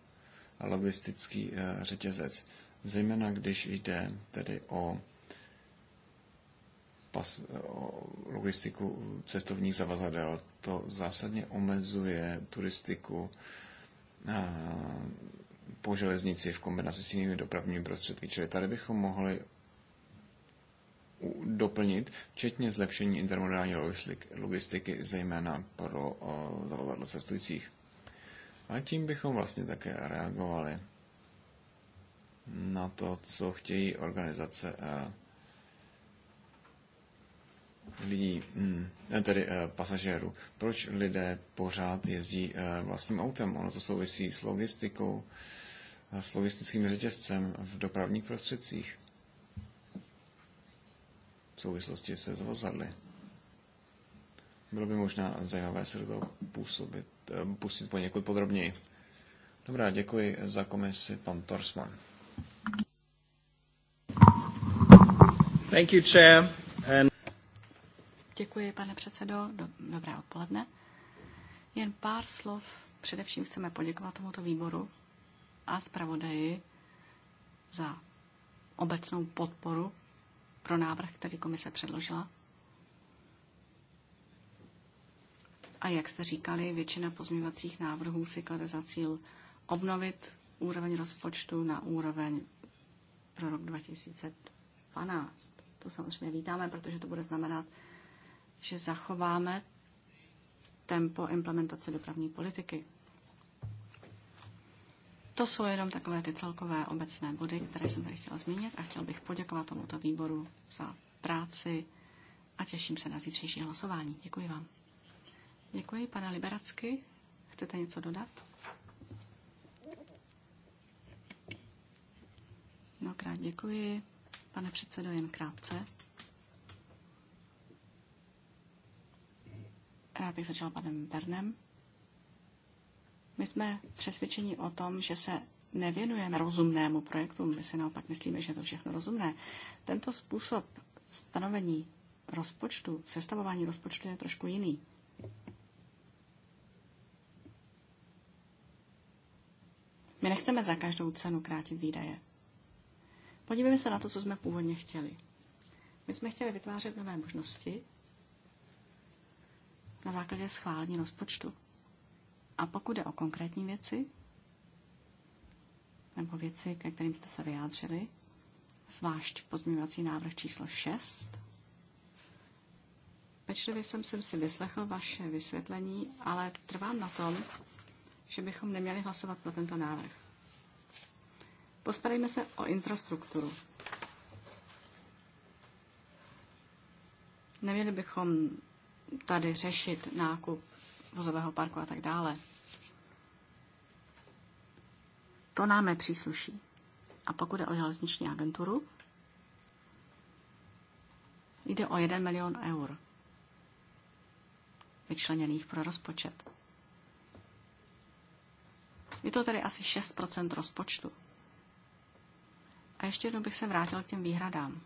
a logistický řetězec zejména když jde tedy o, pas, o logistiku cestovních zavazadel. To zásadně omezuje turistiku a, po železnici v kombinaci s jinými dopravními prostředky. Čili tady bychom mohli doplnit, včetně zlepšení intermodální logistiky, zejména pro zavazadla cestujících. A tím bychom vlastně také reagovali na to, co chtějí organizace eh, lidí, hm, eh, tedy eh, pasažérů. Proč lidé pořád jezdí vlastním autem? Ono to souvisí s logistikou, s logistickým řetězcem v dopravních prostředcích v souvislosti se zvozadly. Bylo by možná zajímavé se do toho působit, pustit poněkud podrobněji. Dobrá, děkuji za komisi, pan Torsman. Thank you, chair. And... Děkuji, pane předsedo. Dobré odpoledne. Jen pár slov. Především chceme poděkovat tomuto výboru a zpravodaji za obecnou podporu pro návrh, který komise předložila. A jak jste říkali, většina pozměňovacích návrhů si klade za cíl obnovit úroveň rozpočtu na úroveň pro rok 2012. To samozřejmě vítáme, protože to bude znamenat, že zachováme tempo implementace dopravní politiky. To jsou jenom takové ty celkové obecné body, které jsem tady chtěla zmínit a chtěl bych poděkovat tomuto výboru za práci a těším se na zítřejší hlasování. Děkuji vám. Děkuji, pane Liberacky. Chcete něco dodat? Mnohokrát děkuji pane předsedo, jen krátce. Rád bych začal panem Bernem. My jsme přesvědčeni o tom, že se nevěnujeme rozumnému projektu, my si naopak myslíme, že je to všechno rozumné. Tento způsob stanovení rozpočtu, sestavování rozpočtu je trošku jiný. My nechceme za každou cenu krátit výdaje. Podívejme se na to, co jsme původně chtěli. My jsme chtěli vytvářet nové možnosti na základě schválení rozpočtu. A pokud jde o konkrétní věci, nebo věci, ke kterým jste se vyjádřili, zvlášť pozměňovací návrh číslo 6, pečlivě jsem, jsem si vyslechl vaše vysvětlení, ale trvám na tom, že bychom neměli hlasovat pro tento návrh. Postarejme se o infrastrukturu. Neměli bychom tady řešit nákup vozového parku a tak dále. To nám nepřísluší. A pokud je o železniční agenturu, jde o 1 milion eur vyčleněných pro rozpočet. Je to tedy asi 6 rozpočtu. A ještě jednou bych se vrátil k těm výhradám.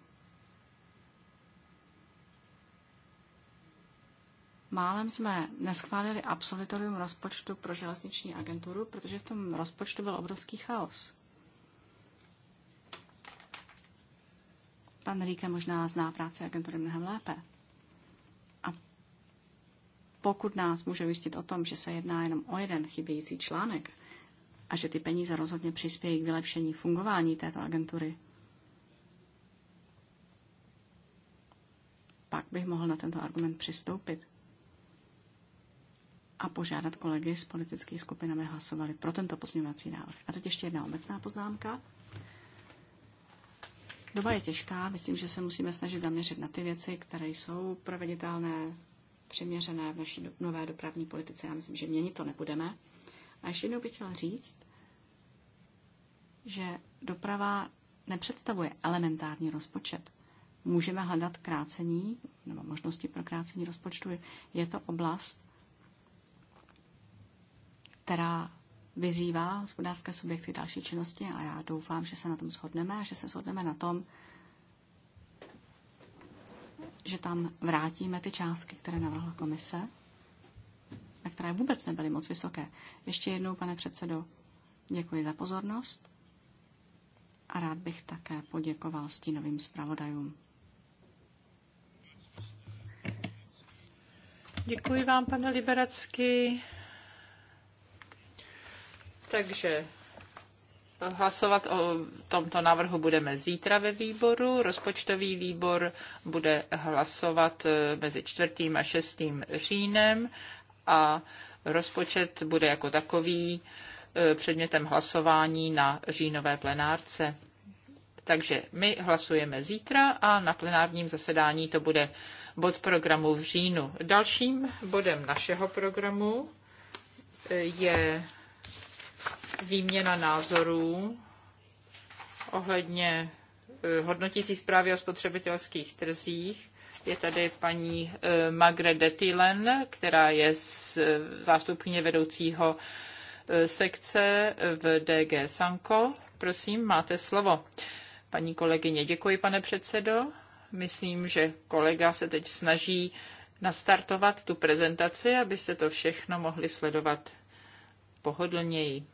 Málem jsme neschválili absolutorium rozpočtu pro železniční agenturu, protože v tom rozpočtu byl obrovský chaos. Pan Ríke možná zná práci agentury mnohem lépe. A pokud nás může vyštit o tom, že se jedná jenom o jeden chybějící článek, a že ty peníze rozhodně přispějí k vylepšení fungování této agentury. Pak bych mohl na tento argument přistoupit a požádat kolegy z politických skupin, aby hlasovali pro tento pozměňovací návrh. A teď ještě jedna obecná poznámka. Doba je těžká, myslím, že se musíme snažit zaměřit na ty věci, které jsou proveditelné, přiměřené v naší nové dopravní politice. Já myslím, že měnit to nebudeme. A ještě jednou bych chtěla říct, že doprava nepředstavuje elementární rozpočet. Můžeme hledat krácení nebo možnosti pro krácení rozpočtu. Je to oblast, která vyzývá hospodářské subjekty další činnosti a já doufám, že se na tom shodneme a že se shodneme na tom, že tam vrátíme ty částky, které navrhla komise které vůbec nebyly moc vysoké. Ještě jednou, pane předsedo, děkuji za pozornost a rád bych také poděkoval stínovým zpravodajům. Děkuji vám, pane Liberacky. Takže hlasovat o tomto návrhu budeme zítra ve výboru. Rozpočtový výbor bude hlasovat mezi 4. a 6. říjnem a rozpočet bude jako takový e, předmětem hlasování na říjnové plenárce. Takže my hlasujeme zítra a na plenárním zasedání to bude bod programu v říjnu. Dalším bodem našeho programu e, je výměna názorů ohledně e, hodnotící zprávy o spotřebitelských trzích je tady paní eh, Magrede Thielen, která je z eh, vedoucího eh, sekce v DG Sanko. Prosím, máte slovo. Paní kolegyně, děkuji, pane předsedo. Myslím, že kolega se teď snaží nastartovat tu prezentaci, abyste to všechno mohli sledovat pohodlněji.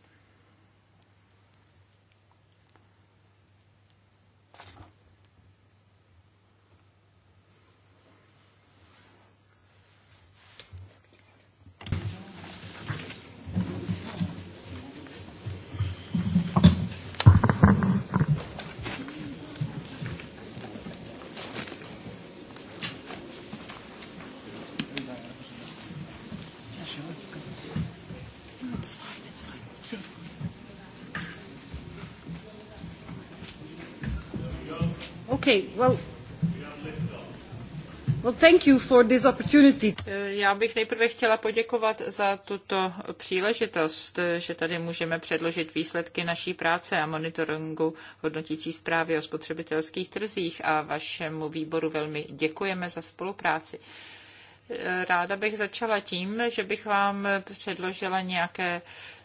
Okay, well, well, thank you for this opportunity. Eh, já bych nejprve chtěla poděkovat za tuto příležitost, eh, že tady můžeme předložit výsledky naší práce a monitoringu hodnotící zprávy o spotřebitelských trzích a vašemu výboru velmi děkujeme za spolupráci. Eh, ráda bych začala tím, že bych vám předložila nějaké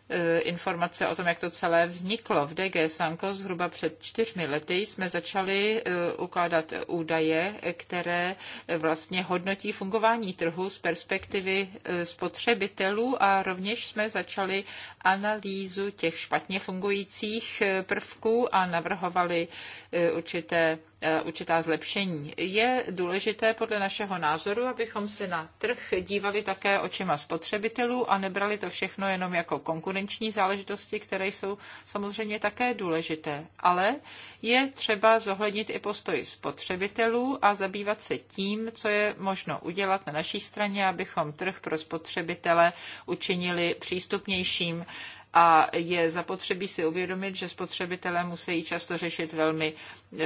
E, informace o tom, jak to celé vzniklo. V DG Sanko zhruba před čtyřmi lety jsme začali e, ukládat údaje, které e, vlastně hodnotí fungování trhu z perspektivy spotřebitelů a rovněž jsme začali analýzu těch špatně fungujících prvků a navrhovali E, určité, e, určitá zlepšení. Je důležité podle našeho názoru, abychom se na trh dívali také očima spotřebitelů a nebrali to všechno jenom jako konkurenční záležitosti, které jsou samozřejmě také důležité. Ale je třeba zohlednit i postoj spotřebitelů a zabývat se tím, co je možno udělat na naší straně, abychom trh pro spotřebitele učinili přístupnějším a je zapotřebí si uvědomit, že spotřebitelé musí často řešit velmi eh,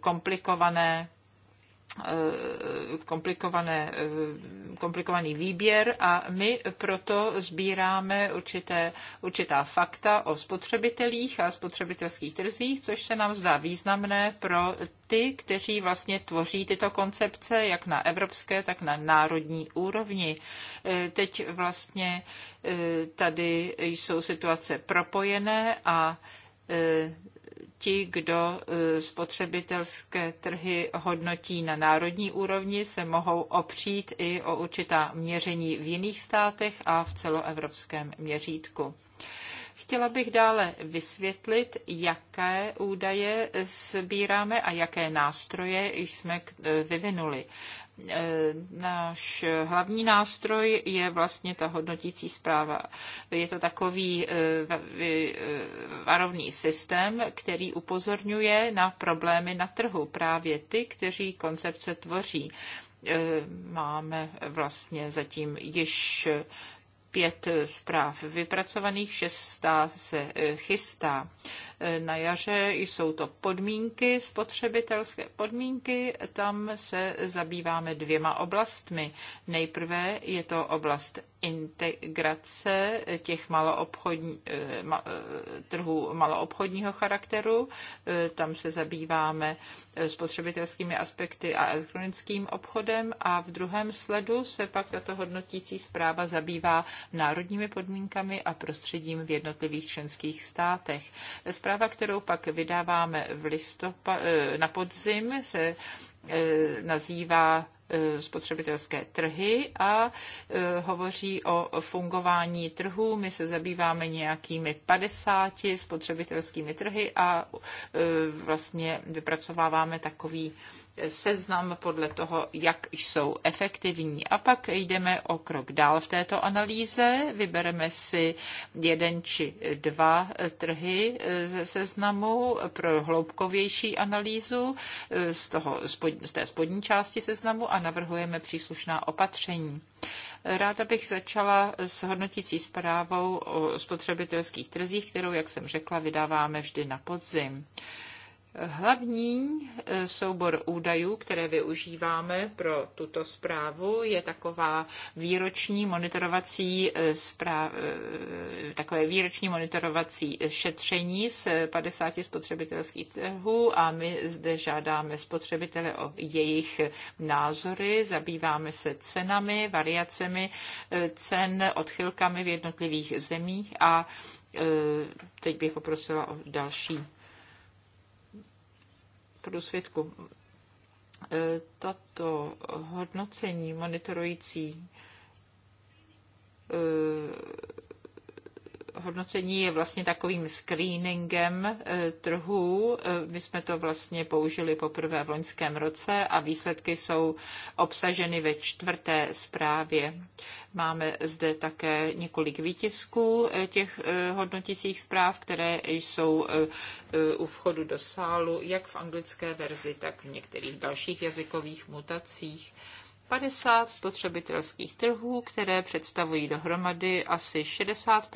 komplikované Eh, komplikované, eh, komplikovaný výběr a my proto sbíráme určité, určitá fakta o spotřebitelích a spotřebitelských trzích, což se nám zdá významné pro ty, kteří vlastně tvoří tyto koncepce, jak na evropské, tak na národní úrovni. Eh, teď vlastně tady jsou situace propojené a ti, kdo eh, spotřebitelské trhy hodnotí na národní úrovni, se mohou opřít i o určitá měření v jiných státech a v celoevropském měřítku. Chtěla bych dále vysvětlit, jaké údaje sbíráme a jaké nástroje jsme eh, vyvinuli. Eh, náš hlavní nástroj je vlastně ta hodnotící zpráva. Je to takový eh, eh, varovný systém, který upozorňuje na problémy na trhu, právě ty, kteří koncepce tvoří máme vlastně zatím již pět zpráv vypracovaných, šestá se e, chystá. E, na jaře jsou to podmínky, spotřebitelské podmínky, tam se zabýváme dvěma oblastmi. Nejprve je to oblast integrace těch maloobchodní, eh, eh, trhů maloobchodního charakteru. Eh, tam se zabýváme spotřebitelskými aspekty a elektronickým obchodem a v druhém sledu se pak tato hodnotící zpráva zabývá národními podmínkami a prostředím v jednotlivých členských státech. Zpráva, kterou pak vydáváme v listopad, na podzim, se E, nazývá e, spotřebitelské trhy a e, hovoří o fungování trhu. My se zabýváme nějakými 50 spotřebitelskými trhy a vlastně vypracováváme takový seznam podle toho, jak jsou efektivní. A pak jdeme o krok dál v této analýze, vybereme si jeden či dva trhy ze seznamu pro hloubkovější analýzu eh, z, toho, z té spodní části seznamu a navrhujeme příslušná opatření. Ráda bych začala s hodnotící zprávou o spotřebitelských trzích, kterou, jak jsem řekla, vydáváme vždy na podzim. Hlavní eh, soubor údajů, které využíváme pro tuto zprávu, je taková výroční monitorovací eh, zpráv, eh, takové výroční monitorovací šetření z 50 spotřebitelských trhů a my zde žádáme spotřebitele o jejich názory, zabýváme se cenami, variacemi cen, odchylkami v jednotlivých zemích a teď bych poprosila o další svědku. E, tato hodnocení monitorující e, hodnocení je vlastně takovým screeningem eh, trhů. Eh, my jsme to vlastně použili poprvé v loňském roce a výsledky jsou obsaženy ve čtvrté zprávě. Máme zde také několik výtisků eh, těch hodnotících zpráv, které jsou u vchodu do sálu, jak v anglické verzi, tak v některých dalších jazykových mutacích. 50 spotřebitelských trhů, které představují dohromady asi 60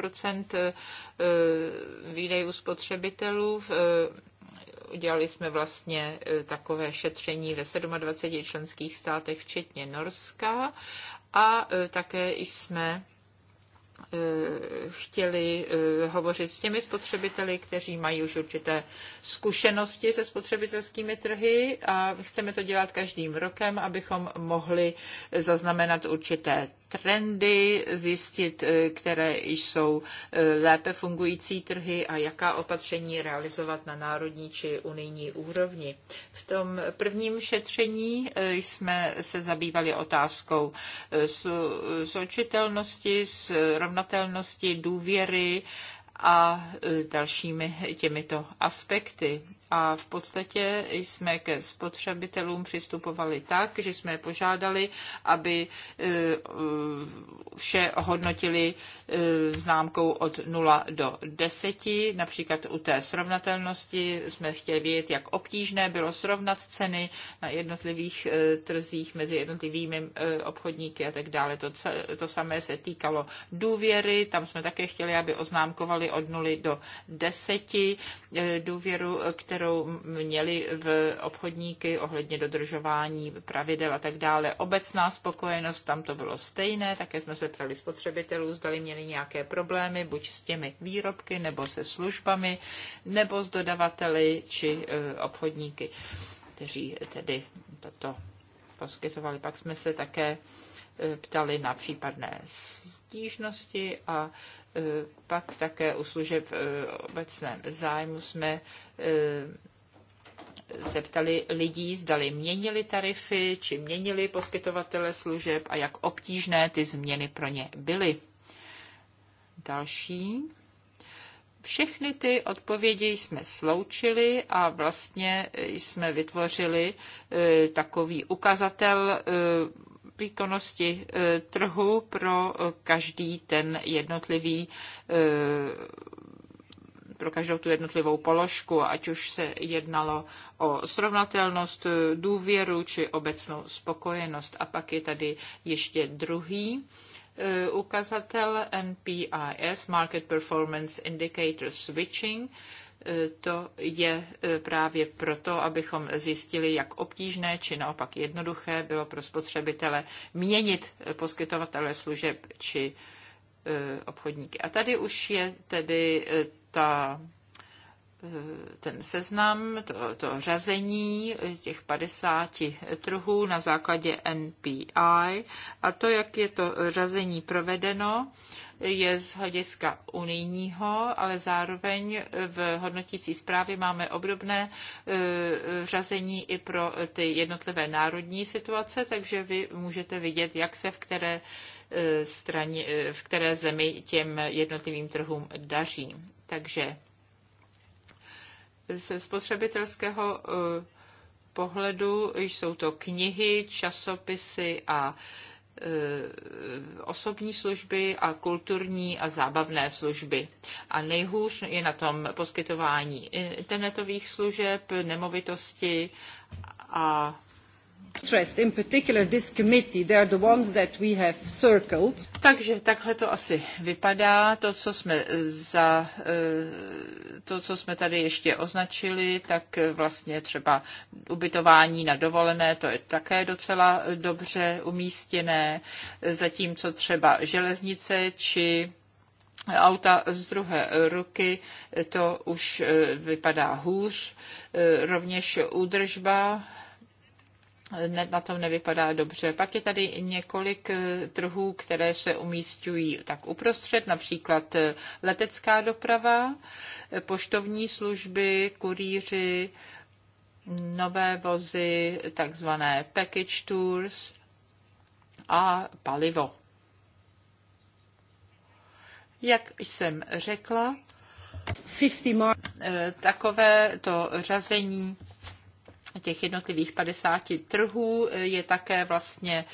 eh, výdejů spotřebitelů eh, udělali jsme vlastně eh, takové šetření ve 27 členských státech, včetně Norska, a také jsme Eh, chtěli eh, hovořit s těmi spotřebiteli, kteří mají už určité zkušenosti se spotřebitelskými trhy a chceme to dělat každým rokem, abychom mohli zaznamenat určité trendy, zjistit, eh, které jsou lépe fungující trhy a jaká opatření realizovat na národní či unijní úrovni. V tom prvním šetření jsme se zabývali otázkou slučitelnosti s srovnatelnosti, důvěry a e, dalšími těmito aspekty a v podstatě jsme ke spotřebitelům přistupovali tak, že jsme požádali, aby e, e, vše hodnotili e, známkou od 0 do 10. Například u té srovnatelnosti jsme chtěli vědět, jak obtížné bylo srovnat ceny na jednotlivých trzích mezi jednotlivými obchodníky a tak dále. To, to samé se týkalo důvěry, tam jsme také chtěli, aby oznámkovali od 0 do 10 důvěru, kterou kterou měli v obchodníky ohledně dodržování pravidel a tak dále. Obecná spokojenost, tam to bylo stejné, také jsme se ptali spotřebitelů, zdali měli nějaké problémy, buď s těmi výrobky, nebo se službami, nebo s dodavateli či e, obchodníky, kteří tedy toto poskytovali. Pak jsme se také e, ptali na případné stížnosti a Eh, pak také u služeb eh, obecném zájmu jsme eh, se ptali lidí, zdali měnili tarify, či měnili poskytovatele služeb a jak obtížné ty změny pro ně byly. Další. Všechny ty odpovědi jsme sloučili a vlastně jsme vytvořili takový ukazatel výkonnosti eh, trhu pro eh, každý ten jednotlivý eh, pro každou tu jednotlivou položku, ať už se jednalo o srovnatelnost, důvěru či obecnou spokojenost. A pak je tady ještě druhý Eh, ukazatel NPIS, Market Performance Indicator Switching, eh, to je eh, právě proto, abychom zjistili, jak obtížné či naopak jednoduché bylo pro spotřebitele měnit poskytovatele služeb či obchodníky. A tady už je tedy ta ten seznam, to, to řazení těch 50 trhů na základě NPI a to, jak je to řazení provedeno, je z hlediska unijního, ale zároveň v hodnotící zprávě máme obdobné e, řazení i pro ty jednotlivé národní situace, takže vy můžete vidět, jak se v které, e, straně, e, v které zemi těm jednotlivým trhům daří. Takže ze spotřebitelského eh, pohledu jsou to knihy, časopisy a eh, osobní služby a kulturní a zábavné služby. A nejhůř je na tom poskytování internetových služeb, nemovitosti a in particular this committee, they are the ones that we have circled. Takže takhle to asi vypadá. To, co jsme, za, eh, to, co jsme tady ještě označili, tak eh, vlastně třeba ubytování na dovolené, to je také docela eh, dobře umístěné, zatímco třeba železnice či auta z druhé ruky, to už vypadá hůř. Rovněž údržba na tom nevypadá dobře. Pak je tady několik trhů, eh, které se umístují tak uprostřed, například eh, letecká doprava, eh, poštovní služby, kurýři, nové vozy, takzvané package tours a palivo. Jak jsem řekla, takové to řazení Vlastně těch jednotlivých 50 trhů eh, je také vlastně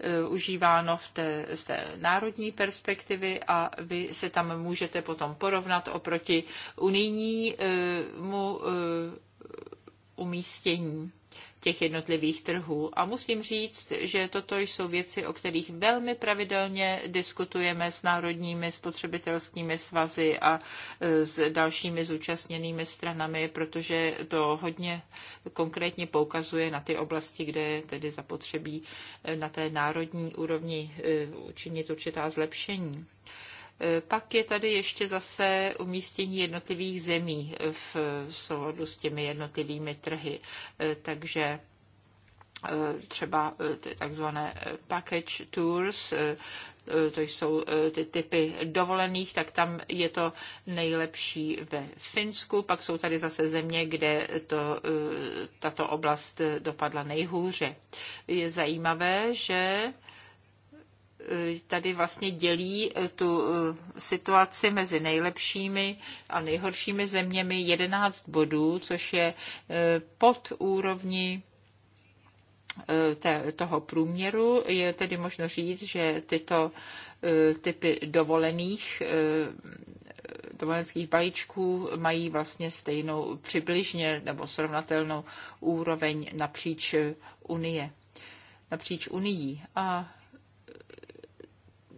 eh, užíváno v té, z té národní perspektivy a vy se tam můžete potom porovnat oproti unijnímu eh, umístění těch jednotlivých trhů. A musím říct, že toto jsou věci, o kterých velmi pravidelně diskutujeme s národními spotřebitelskými svazy a e, s dalšími zúčastněnými stranami, protože to hodně konkrétně poukazuje na ty oblasti, kde je tedy zapotřebí e, na té národní úrovni e, učinit určitá zlepšení. Pak je tady ještě zase umístění jednotlivých zemí v souladu s těmi jednotlivými trhy. Eh, takže eh, třeba eh, ty takzvané package tours, to jsou ty typy dovolených, tak tam je to nejlepší ve Finsku. Pak jsou tady zase země, kde to, tato oblast dopadla nejhůře. Je zajímavé, že tady vlastně dělí eh, tu eh, situaci mezi nejlepšími a nejhoršími zeměmi 11 bodů, což je eh, pod úrovni toho průměru. Je tedy možno říct, že tyto typy dovolených dovolenských balíčků mají vlastně stejnou přibližně nebo srovnatelnou úroveň napříč Unie. Napříč Unii. A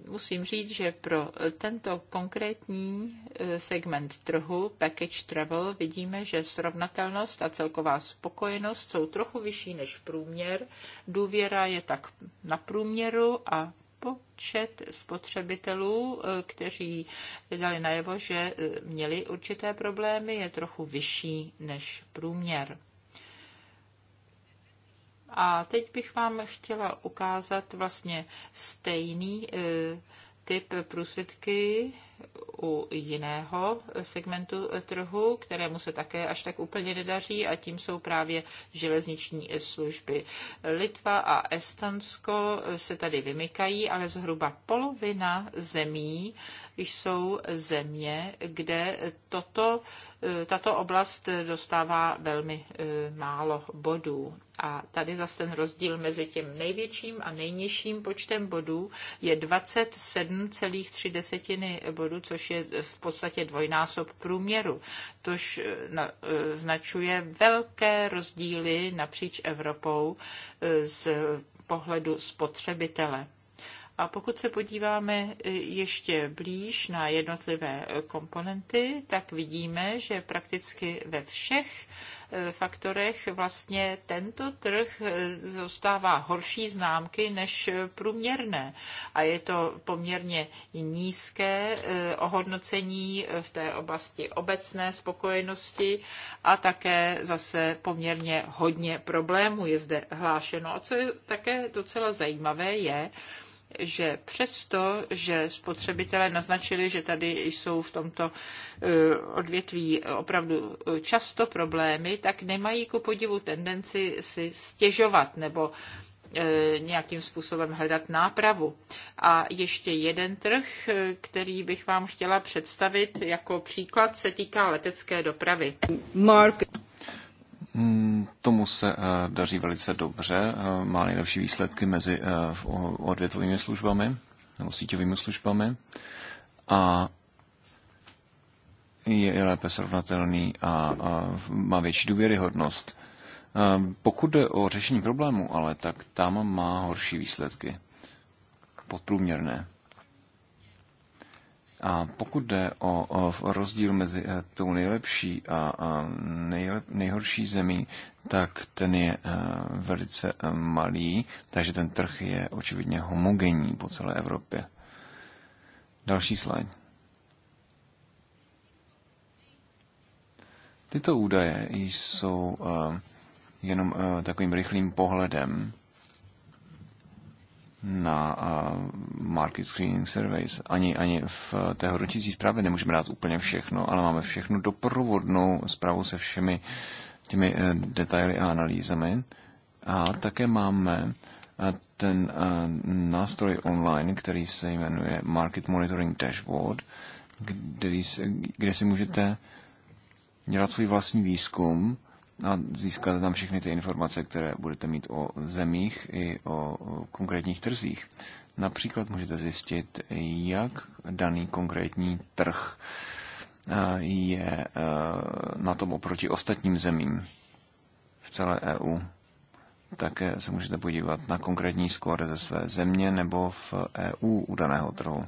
musím říct, že pro tento konkrétní eh, segment trhu package travel vidíme, že srovnatelnost a celková spokojenost jsou trochu vyšší než průměr. Důvěra je tak na průměru a počet spotřebitelů, eh, kteří dali najevo, že eh, měli určité problémy, je trochu vyšší než průměr. A teď bych vám chtěla ukázat vlastně stejný e, typ průsvědky u jiného segmentu e, trhu, kterému se také až tak úplně nedaří a tím jsou právě železniční služby. Litva a Estonsko se tady vymykají, ale zhruba polovina zemí jsou země, kde toto, e, tato oblast dostává velmi e, málo bodů. A tady zase ten rozdíl mezi tím největším a nejnižším počtem bodů je 27,3 bodů, což je v podstatě dvojnásob průměru, Tož e, značuje velké rozdíly napříč Evropou z pohledu spotřebitele. A pokud se podíváme e, ještě blíž na jednotlivé e, komponenty, tak vidíme, že prakticky ve všech e, faktorech vlastně tento trh zůstává horší známky než průměrné. A je to poměrně nízké ohodnocení v té oblasti obecné spokojenosti a také zase poměrně hodně problémů je zde hlášeno. A co je také docela zajímavé, je, že přesto, že spotřebitelé naznačili, že tady jsou v tomto e, odvětví opravdu e, často problémy, tak nemají ku podivu tendenci si stěžovat nebo e, nějakým způsobem hledat nápravu. A ještě jeden trh, který bych vám chtěla představit jako příklad, se týká letecké dopravy. Mark. Mm, tomu se eh, daří velice dobře, eh, má nejlepší výsledky mezi eh, odvětovými službami nebo síťovými službami a je lépe srovnatelný a má větší důvěryhodnost. Pokud jde o řešení problému, ale tak tam má horší výsledky. Podprůměrné. A pokud jde o, o rozdíl mezi eh, tou nejlepší a, a nejlep, nejhorší zemí, tak ten je eh, velice eh, malý, takže ten trh je očividně homogenní po celé Evropě. Další slide. Tyto údaje jsou jenom takovým rychlým pohledem na market screening surveys. Ani, ani v té hodnotící zprávě nemůžeme dát úplně všechno, ale máme všechno doprovodnou zprávu se všemi těmi e, detaily a analýzami. A také máme e, ten e, nástroj online, který se jmenuje Market Monitoring Dashboard, kde, kde si můžete dělat svůj vlastní výzkum a získáte tam všechny ty informace, které budete mít o zemích i o konkrétních trzích. Například můžete zjistit, jak daný konkrétní trh eh, je eh, na tom oproti ostatním zemím v celé EU. Také se můžete podívat na konkrétní skóre ze své země nebo v EU u daného trhu.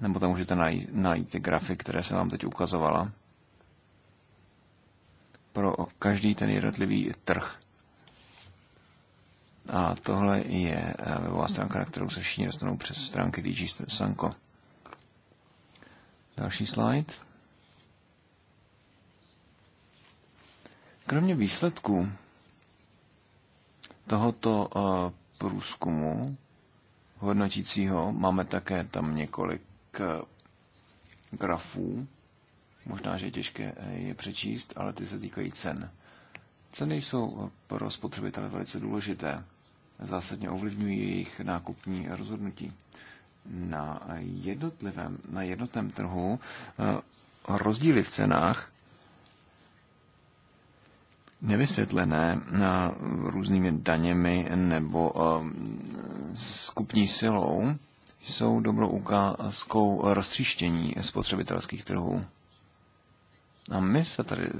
Nebo tam můžete najít, najít ty grafy, které jsem vám teď ukazovala pro každý ten jednotlivý trh. A tohle je eh, webová stránka, na kterou se všichni dostanou přes stránky DG Sanko. Další slide. Kromě výsledků tohoto eh, průzkumu hodnotícího máme také tam několik eh, grafů, Možná, že je těžké eh, je přečíst, ale ty se týkají cen. Ceny jsou eh, pro spotřebitele velice důležité. Zásadně ovlivňují jejich nákupní rozhodnutí. Na, jednotlivém, na jednotném trhu eh, rozdíly v cenách nevysvětlené různými daněmi nebo skupní silou jsou dobrou ukázkou roztříštění spotřebitelských trhů. A my se tady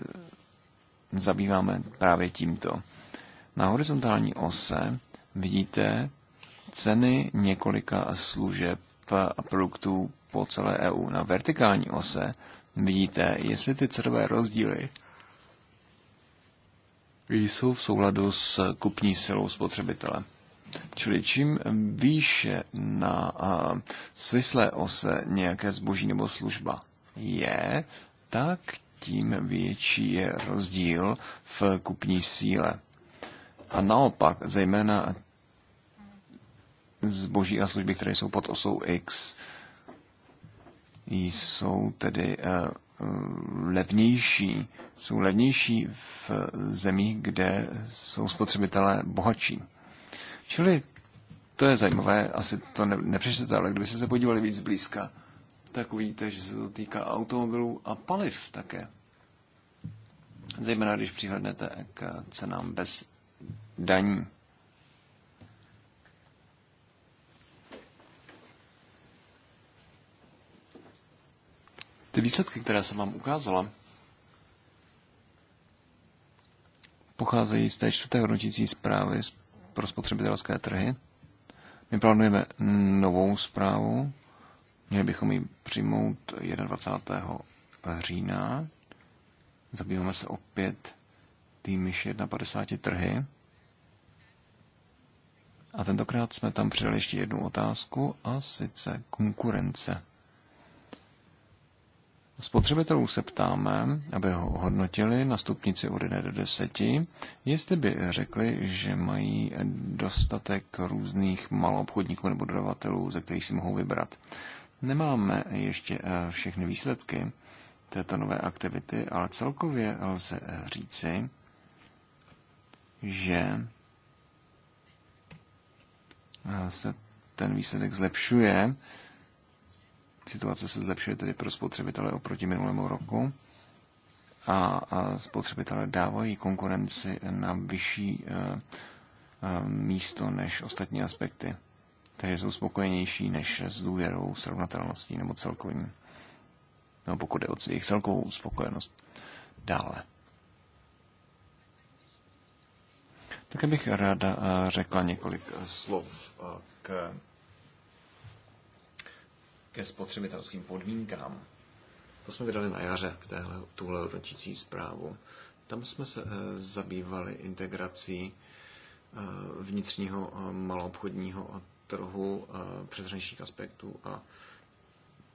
zabýváme právě tímto. Na horizontální ose vidíte ceny několika služeb a produktů po celé EU. Na vertikální ose vidíte, jestli ty cenové rozdíly jsou v souladu s kupní silou spotřebitele. Čili čím výše na svislé ose nějaké zboží nebo služba je, tak tím větší je rozdíl v kupní síle. A naopak, zejména zboží a služby, které jsou pod osou X, jsou tedy eh, levnější, jsou levnější v zemích, kde jsou spotřebitelé bohatší. Čili to je zajímavé, asi to ne, nepřečtete, ale kdyby se podívali víc blízka, tak uvidíte, že se to týká automobilů a paliv také. Zejména když přihlednete k cenám bez daní. Ty výsledky, které jsem vám ukázala, pocházejí z té čtvrté hodnotící zprávy pro spotřebitelské trhy. My plánujeme novou zprávu, Měli bychom ji přijmout 21. října. Zabýváme se opět týmiž 51 trhy. A tentokrát jsme tam přidali ještě jednu otázku, a sice konkurence. Spotřebitelů se ptáme, aby ho hodnotili na stupnici od 1 do 10, jestli by řekli, že mají dostatek různých maloobchodníků nebo dodavatelů, ze kterých si mohou vybrat. Nemáme ještě eh, všechny výsledky této nové aktivity, ale celkově lze eh, říci, že eh, se ten výsledek zlepšuje. Situace se zlepšuje tedy pro spotřebitele oproti minulému roku a spotřebitele dávají konkurenci na vyšší místo než ostatní aspekty takže jsou spokojenější než s důvěrou, srovnatelností nebo celkovým, nebo pokud je o jejich celkovou spokojenost. Dále. Také bych ráda eh, řekla několik eh, slov eh, k, ke spotřebitelským podmínkám. To jsme vydali na jaře, k téhle, tuhle hodnotící zprávu. Tam jsme se zabývali integrací vnitřního maloobchodního trhu, eh, přeshraničních aspektů a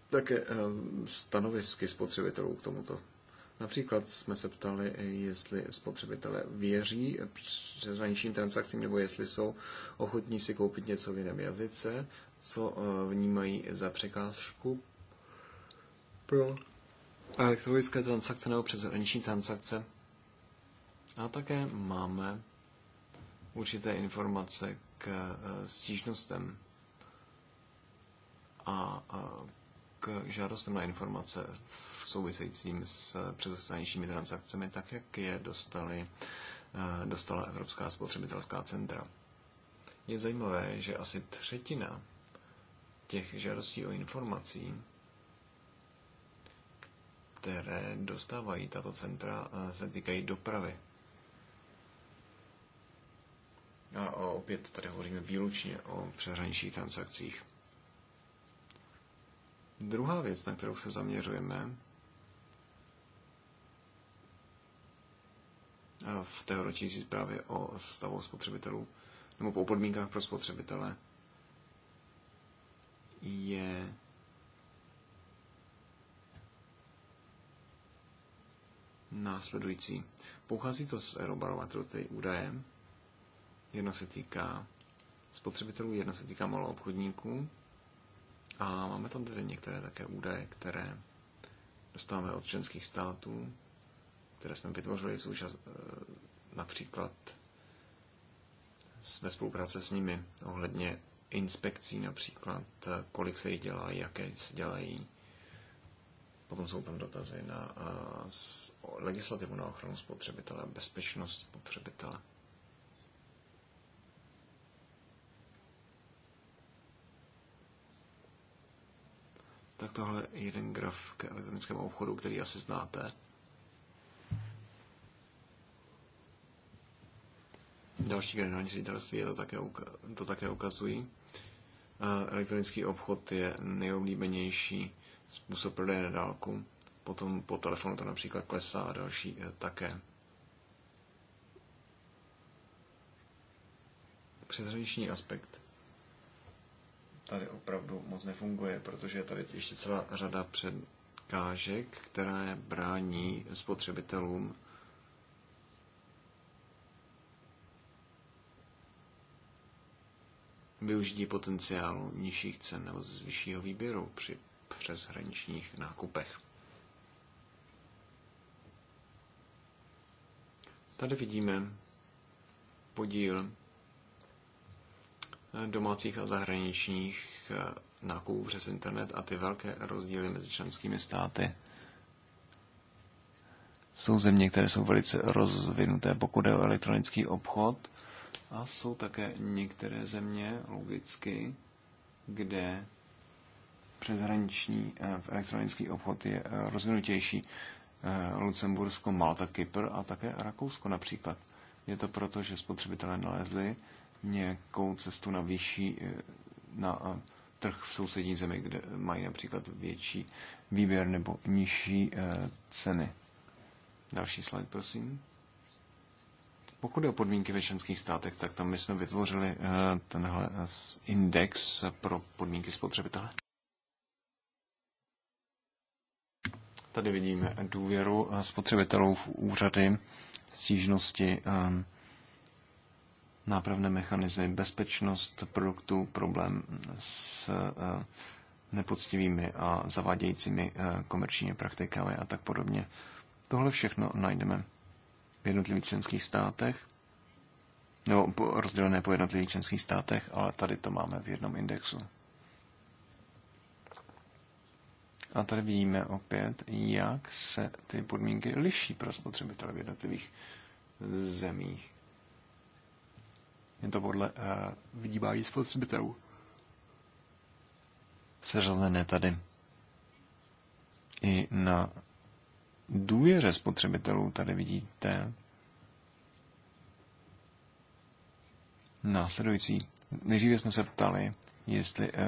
také eh, stanovisky spotřebitelů k tomuto. Například jsme se ptali, jestli spotřebitelé věří přeshraničním transakcím nebo jestli jsou ochotní si koupit něco v jiném jazyce, co eh, vnímají za překážku pro elektronické transakce nebo přeshraniční transakce. A také máme určité informace Eh, stížnostem a k žádostem na informace v souvisejícím s eh, přeshraničními transakcemi, tak jak je dostali, eh, dostala Evropská spotřebitelská centra. Je zajímavé, že asi třetina těch žádostí o informací, které dostávají tato centra, se týkají dopravy. A opět tady hovoříme výlučně o přeshraničních transakcích. Druhá věc, na kterou se zaměřujeme v té ročící zprávě o stavu spotřebitelů nebo o podmínkách pro spotřebitele, je následující. Pochází to z aerobarometru, tedy údajem, Jedno se týká spotřebitelů, jedno se týká obchodníků. A máme tam tedy některé také údaje, které dostáváme od členských států, které jsme vytvořili součas, eh, například ve spolupráce s nimi ohledně inspekcí například, kolik se jich dělá, jaké se dělají. Potom jsou tam dotazy na eh, legislativu na ochranu spotřebitele, bezpečnost spotřebitele. tak tohle je jeden graf k elektronickému obchodu, který asi znáte. Další generální ředitelství to také, to také ukazují. Elektronický obchod je nejoblíbenější způsob prodeje na dálku. Potom po telefonu to například klesá a další eh, také. Přeshraniční aspekt tady opravdu moc nefunguje, protože je tady ještě celá řada předkážek, které brání spotřebitelům využití potenciálu nižších cen nebo z vyššího výběru při přeshraničních nákupech. Tady vidíme podíl domácích a zahraničních eh, nákupů přes internet a ty velké rozdíly mezi členskými státy. Jsou země, které jsou velice rozvinuté, pokud je o elektronický obchod, a jsou také některé země, logicky, kde přeshraniční eh, elektronický obchod je eh, rozvinutější. Lucembursko, Malta, Kypr a také Rakousko například. Je to proto, že spotřebitelé nalezli nějakou cestu na vyšší, eh, na eh, trh v sousední zemi, kde mají například větší výběr nebo nižší eh, ceny. Další slide, prosím. Pokud je o podmínky ve členských státech, tak tam my jsme vytvořili tenhle index pro podmínky spotřebitele. Tady vidíme důvěru spotřebitelů v úřady, stížnosti, nápravné mechanismy, bezpečnost produktů, problém s eh, nepoctivými a zavádějícími eh, komerčními praktikami a tak podobně. Tohle všechno najdeme v jednotlivých členských státech, nebo rozdělené po jednotlivých členských státech, ale tady to máme v jednom indexu. A tady vidíme opět, jak se ty podmínky liší pro spotřebitele v jednotlivých zemích. Je to podle uh, eh, vydíbání spotřebitelů. Seřazené tady. I na důvěře spotřebitelů tady vidíte následující. Nejdříve jsme se ptali, jestli uh,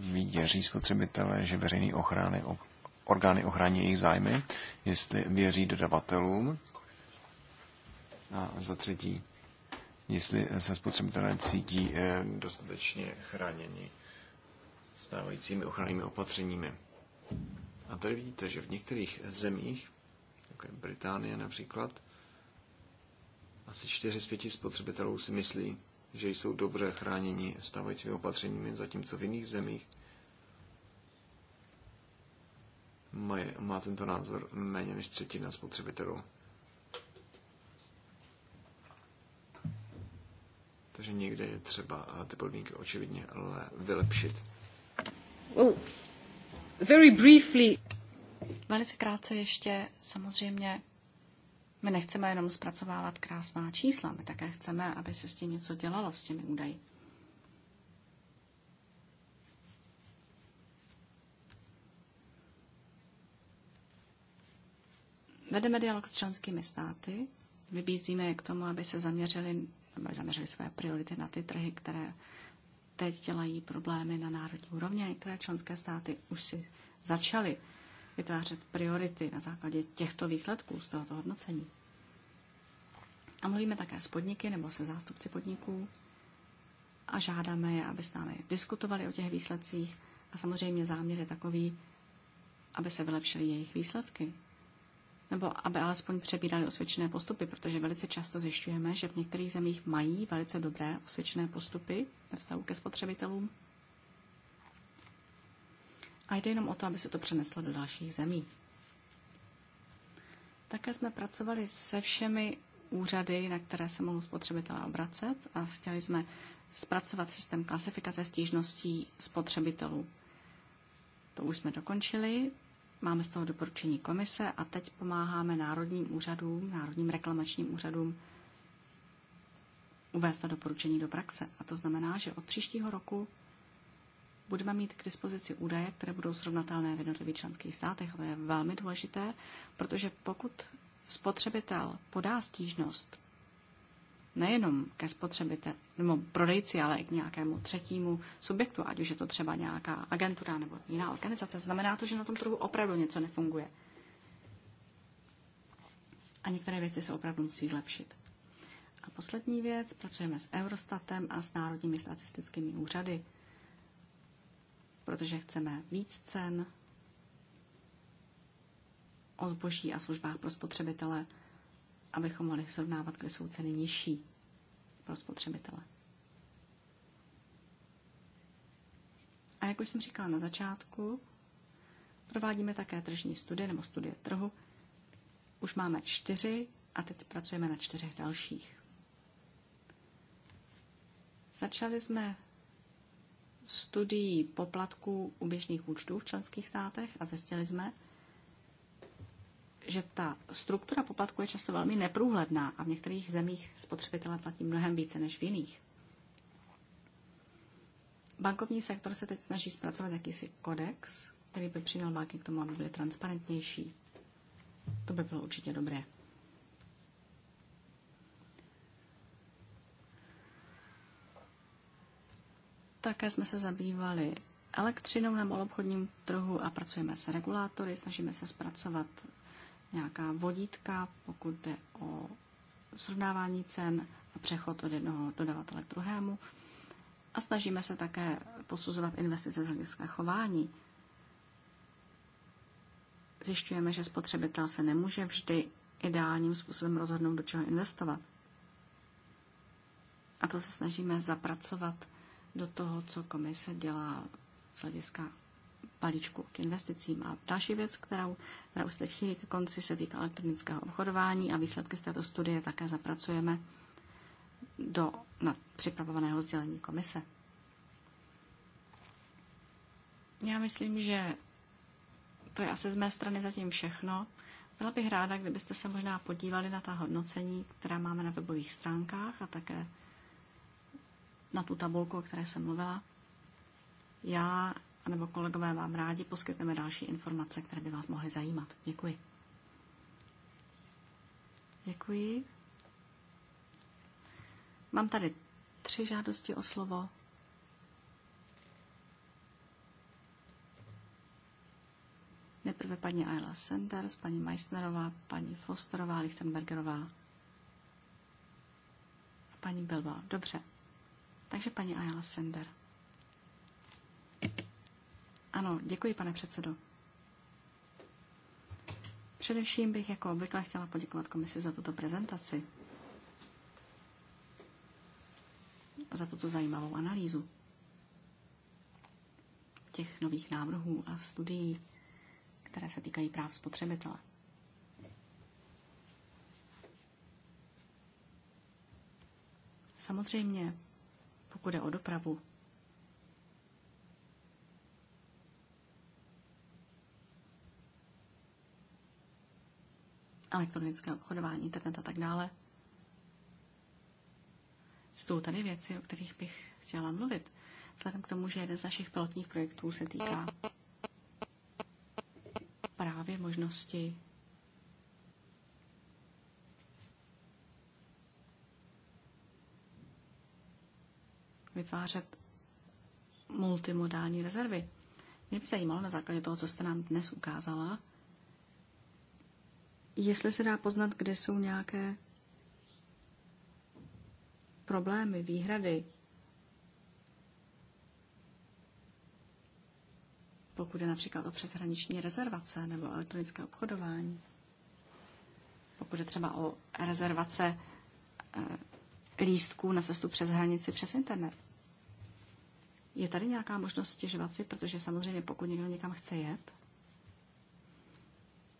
věří spotřebitelé, že veřejný ochrany, orgány ochrání jejich zájmy, jestli věří dodavatelům a za třetí, jestli se spotřebitelé cítí eh, dostatečně chráněni stávajícími ochrannými opatřeními. A tady vidíte, že v některých zemích, jako je Británie například, asi čtyři z pěti spotřebitelů si myslí, že jsou dobře chráněni stávajícími opatřeními, zatímco v jiných zemích má, má tento názor méně než třetina spotřebitelů. Takže někde je třeba ty podmínky očividně vylepšit. Well, very briefly. Velice krátce ještě, samozřejmě, my nechceme jenom zpracovávat krásná čísla, my také chceme, aby se s tím něco dělalo, s těmi údaji. Vedeme dialog s členskými státy, vybízíme je k tomu, aby se zaměřili aby zaměřili své priority na ty trhy, které teď dělají problémy na národní úrovni. Některé členské státy už si začaly vytvářet priority na základě těchto výsledků z tohoto hodnocení. A mluvíme také s podniky nebo se zástupci podniků a žádáme je, aby s námi diskutovali o těch výsledcích. A samozřejmě záměr je takový, aby se vylepšily jejich výsledky, nebo aby alespoň přebírali osvědčené postupy, protože velice často zjišťujeme, že v některých zemích mají velice dobré osvědčené postupy ve vztahu ke spotřebitelům. A jde jenom o to, aby se to přeneslo do dalších zemí. Také jsme pracovali se všemi úřady, na které se mohou spotřebitelé obracet a chtěli jsme zpracovat systém klasifikace stížností spotřebitelů. To už jsme dokončili, Máme z toho doporučení komise a teď pomáháme národním úřadům, národním reklamačním úřadům uvést ta doporučení do praxe. A to znamená, že od příštího roku budeme mít k dispozici údaje, které budou srovnatelné v jednotlivých členských státech. To je velmi důležité, protože pokud spotřebitel podá stížnost nejenom ke spotřebiteli nebo prodejci, ale i k nějakému třetímu subjektu, ať už je to třeba nějaká agentura nebo jiná organizace. Znamená to, že na tom trhu opravdu něco nefunguje. A některé věci se opravdu musí zlepšit. A poslední věc, pracujeme s Eurostatem a s národními statistickými úřady, protože chceme víc cen o zboží a službách pro spotřebitele, abychom mohli srovnávat, kde jsou ceny nižší pro spotřebitele. A jak už jsem říkala na začátku, provádíme také tržní studie nebo studie trhu. Už máme čtyři a teď pracujeme na čtyřech dalších. Začali jsme studií poplatků u běžných účtů v členských státech a zjistili jsme, že ta struktura poplatku je často velmi neprůhledná a v některých zemích spotřebitelé platí mnohem více než v jiných. Bankovní sektor se teď snaží zpracovat jakýsi kodex, který by přinal banky k tomu, aby byly transparentnější. To by bylo určitě dobré. Také jsme se zabývali elektřinou na obchodním trhu a pracujeme s regulátory, snažíme se zpracovat nějaká vodítka, pokud jde o srovnávání cen a přechod od jednoho dodavatele k druhému. A snažíme se také posuzovat investice z hlediska chování. Zjišťujeme, že spotřebitel se nemůže vždy ideálním způsobem rozhodnout, do čeho investovat. A to se snažíme zapracovat do toho, co komise dělá z hlediska balíčku k investicím. A další věc, kterou, která jste k ke konci, se týká elektronického obchodování a výsledky z této studie také zapracujeme do na připravovaného sdělení komise. Já myslím, že to je asi z mé strany zatím všechno. Byla bych ráda, kdybyste se možná podívali na ta hodnocení, která máme na webových stránkách a také na tu tabulku, o které jsem mluvila. Já anebo kolegové vám rádi poskytneme další informace, které by vás mohly zajímat. Děkuji. Děkuji. Mám tady tři žádosti o slovo. Nejprve paní Ayla Sanders, paní Meissnerová, paní Fosterová, Lichtenbergerová a paní Bilbao. Dobře. Takže paní Ayla Sender. Ano, děkuji, pane předsedo. Především bych jako obvykle chtěla poděkovat komisi za tuto prezentaci a za tuto zajímavou analýzu těch nových návrhů a studií, které se týkají práv spotřebitele. Samozřejmě, pokud je o dopravu, elektronické obchodování, internet a tak dále. Jsou tady věci, o kterých bych chtěla mluvit. Vzhledem k tomu, že jeden z našich pilotních projektů se týká právě možnosti vytvářet multimodální rezervy. Mě by zajímalo na základě toho, co jste nám dnes ukázala, jestli se dá poznat, kde jsou nějaké problémy, výhrady, pokud je například o přeshraniční rezervace nebo elektronické obchodování, pokud je třeba o rezervace e, lístků na cestu přes hranici přes internet. Je tady nějaká možnost stěžovat si, protože samozřejmě pokud někdo někam chce jet,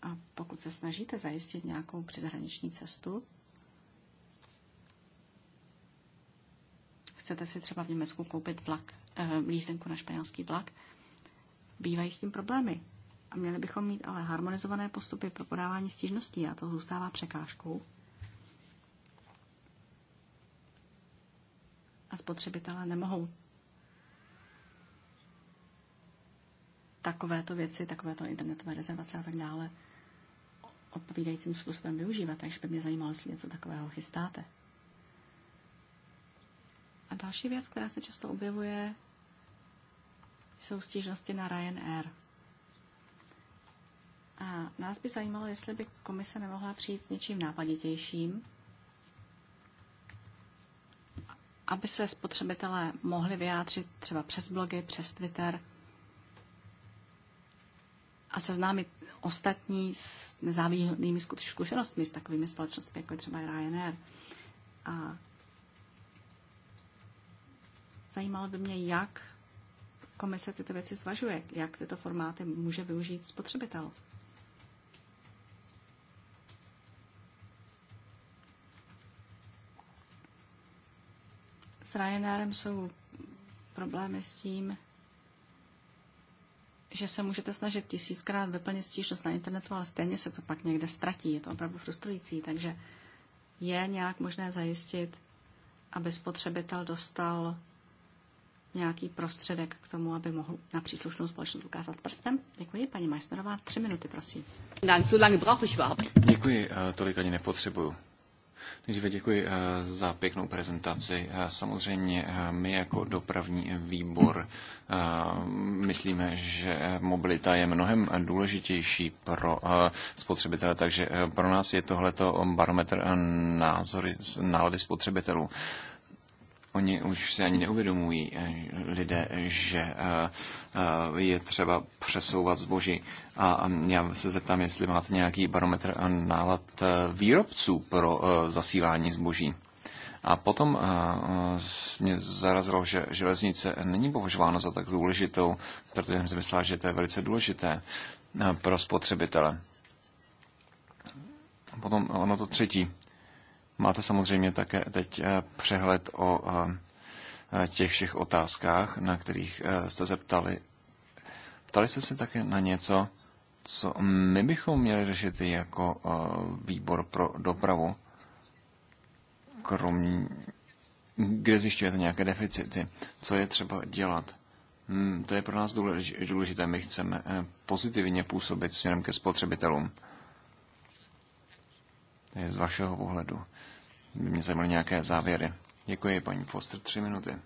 a pokud se snažíte zajistit nějakou přeshraniční cestu, chcete si třeba v Německu koupit vlak, eh, lízdenku na španělský vlak, bývají s tím problémy. A měli bychom mít ale harmonizované postupy pro podávání stížností a to zůstává překážkou. A spotřebitelé nemohou takovéto věci, takovéto internetové rezervace a tak dále odpovídajícím způsobem využívat, takže by mě zajímalo, jestli něco takového chystáte. A další věc, která se často objevuje, jsou stížnosti na Ryanair. A nás by zajímalo, jestli by komise nemohla přijít s něčím nápaditějším, aby se spotřebitelé mohli vyjádřit třeba přes blogy, přes Twitter – a seznámit ostatní s nezávýhodnými zkušenostmi s takovými společnostmi, jako je třeba Ryanair. A zajímalo by mě, jak komise tyto věci zvažuje, jak tyto formáty může využít spotřebitel. S Ryanairem jsou problémy s tím, že se můžete snažit tisíckrát vyplnit stížnost na internetu, ale stejně se to pak někde ztratí. Je to opravdu frustrující, takže je nějak možné zajistit, aby spotřebitel dostal nějaký prostředek k tomu, aby mohl na příslušnou společnost ukázat prstem. Děkuji, paní Majsterová. Tři minuty, prosím. Děkuji, eh, tolik ani nepotřebuju. Nejdříve děkuji eh, za pěknou prezentaci. Eh, samozřejmě eh, my jako dopravní výbor myslíme, že mobilita je mnohem důležitější pro spotřebitele, takže pro nás je tohleto barometr názory, nálady spotřebitelů. Oni už si ani neuvědomují eh, lidé, že eh, eh, je třeba přesouvat zboží. A já se zeptám, jestli máte nějaký barometr nálad výrobců pro zasílání zboží. A potom mě zarazilo, že železnice není považována za tak důležitou, protože jsem si myslela, že to je velice důležité pro spotřebitele. Potom ono to třetí Máte samozřejmě také teď eh, přehled o eh, eh, těch všech otázkách, na kterých jste se ptali. Ptali jste se také na něco, co my bychom měli řešit jako výbor pro dopravu, kromě kde zjišťujete nějaké deficity, co je třeba dělat. Hmm, to je pro nás důležité. My chceme pozitivně působit směrem ke spotřebitelům. To je z vašeho pohledu by mě zajímaly nějaké závěry. Děkuji, paní Foster, tři minuty.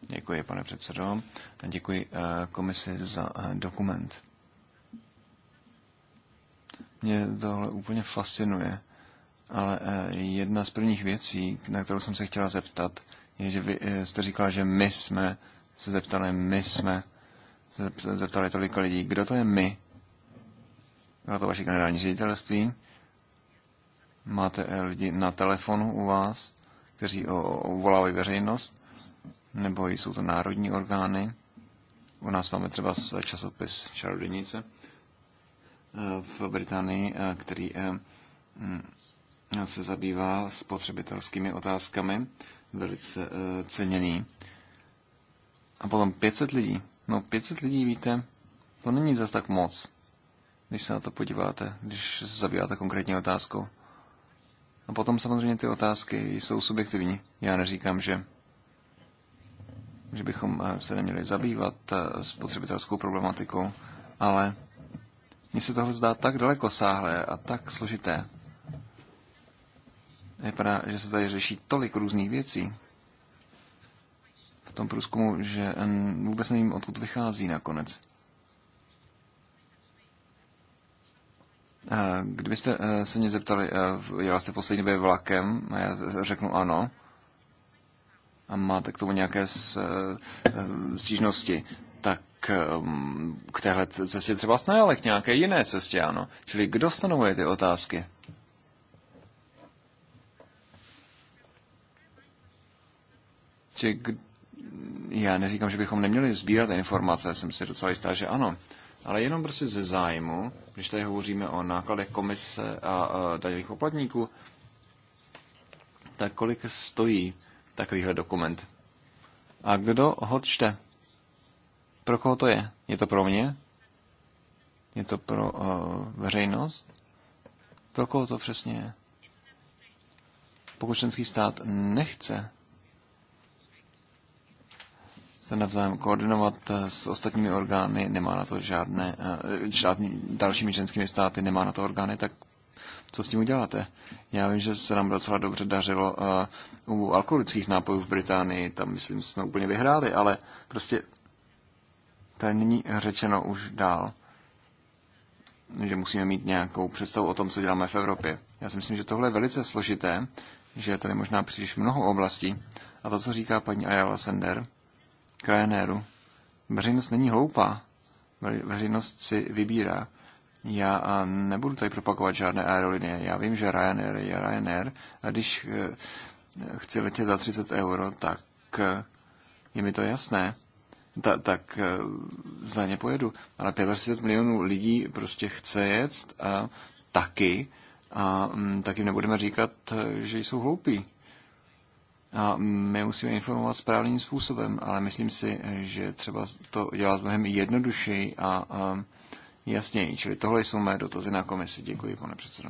Děkuji, pane předsedo. A děkuji eh, komisi za eh, dokument. Mě tohle úplně fascinuje, ale eh, jedna z prvních věcí, na kterou jsem se chtěla zeptat, je, že vy jste říkala, že my jsme se zeptali, my jsme se zeptali tolik lidí. Kdo to je my? Bylo to vaše generální ředitelství? Máte eh, lidi na telefonu u vás, kteří uvolávají veřejnost, nebo jsou to národní orgány. U nás máme třeba eh, časopis Čarodějnice eh, v Británii, který mm, se zabývá spotřebitelskými otázkami, velice ceněný. A potom 500 lidí. No 500 lidí, víte, to není zas tak moc, když se na to podíváte, když se zabýváte konkrétní otázkou. A potom samozřejmě ty otázky jsou subjektivní. Já neříkám, že že bychom eh, se neměli zabývat eh, potřebitelskou problematikou, ale mně se tohle zdá tak daleko sáhlé a tak složité. pravda, že se tady řeší tolik různých věcí v tom průzkumu, že vůbec nevím, odkud vychází nakonec. Kdybyste eh, se mě zeptali, eh, jela jste poslední době vlakem, a já řeknu ano, a máte k tomu nějaké eh, stížnosti, tak ehm, k téhle cestě třeba snad, ale k nějaké jiné cestě, ano. Čili kdo stanovuje ty otázky? Čili já neříkám, že bychom neměli sbírat informace, jsem si docela jistá, že ano ale jenom prostě ze zájmu, když tady hovoříme o nákladech komise a, a daňových poplatníků, tak kolik stojí takovýhle dokument? A kdo ho čte? Pro koho to je? Je to pro mě? Je to pro uh, veřejnost? Pro koho to přesně je? Pokud členský stát nechce se navzájem koordinovat eh, s ostatními orgány, nemá na to žádné, eh, žádný dalšími členskými státy, nemá na to orgány, tak co s tím uděláte? Já vím, že se nám docela dobře dařilo eh, u alkoholických nápojů v Británii, tam myslím, jsme úplně vyhráli, ale prostě to není řečeno už dál, že musíme mít nějakou představu o tom, co děláme v Evropě. Já si myslím, že tohle je velice složité, že je tady možná příliš mnoho oblastí. A to, co říká paní Ayala Sender, Krajenéru. Veřejnost není hloupá. Veřejnost si vybírá. Já nebudu tady propagovat žádné aerolinie. Já vím, že Ryanair je Ryanair a když eh, chci letět za 30 euro, tak eh, je mi to jasné. Ta, tak eh, za ně pojedu. Ale 35 milionů lidí prostě chce jet a taky a mm, tak jim nebudeme říkat, že jsou hloupí. A my musíme informovat správným způsobem, ale myslím si, že třeba to dělat mnohem jednodušeji a jasněji. Čili tohle jsou mé dotazy na komisi. Děkuji, pane předsedo.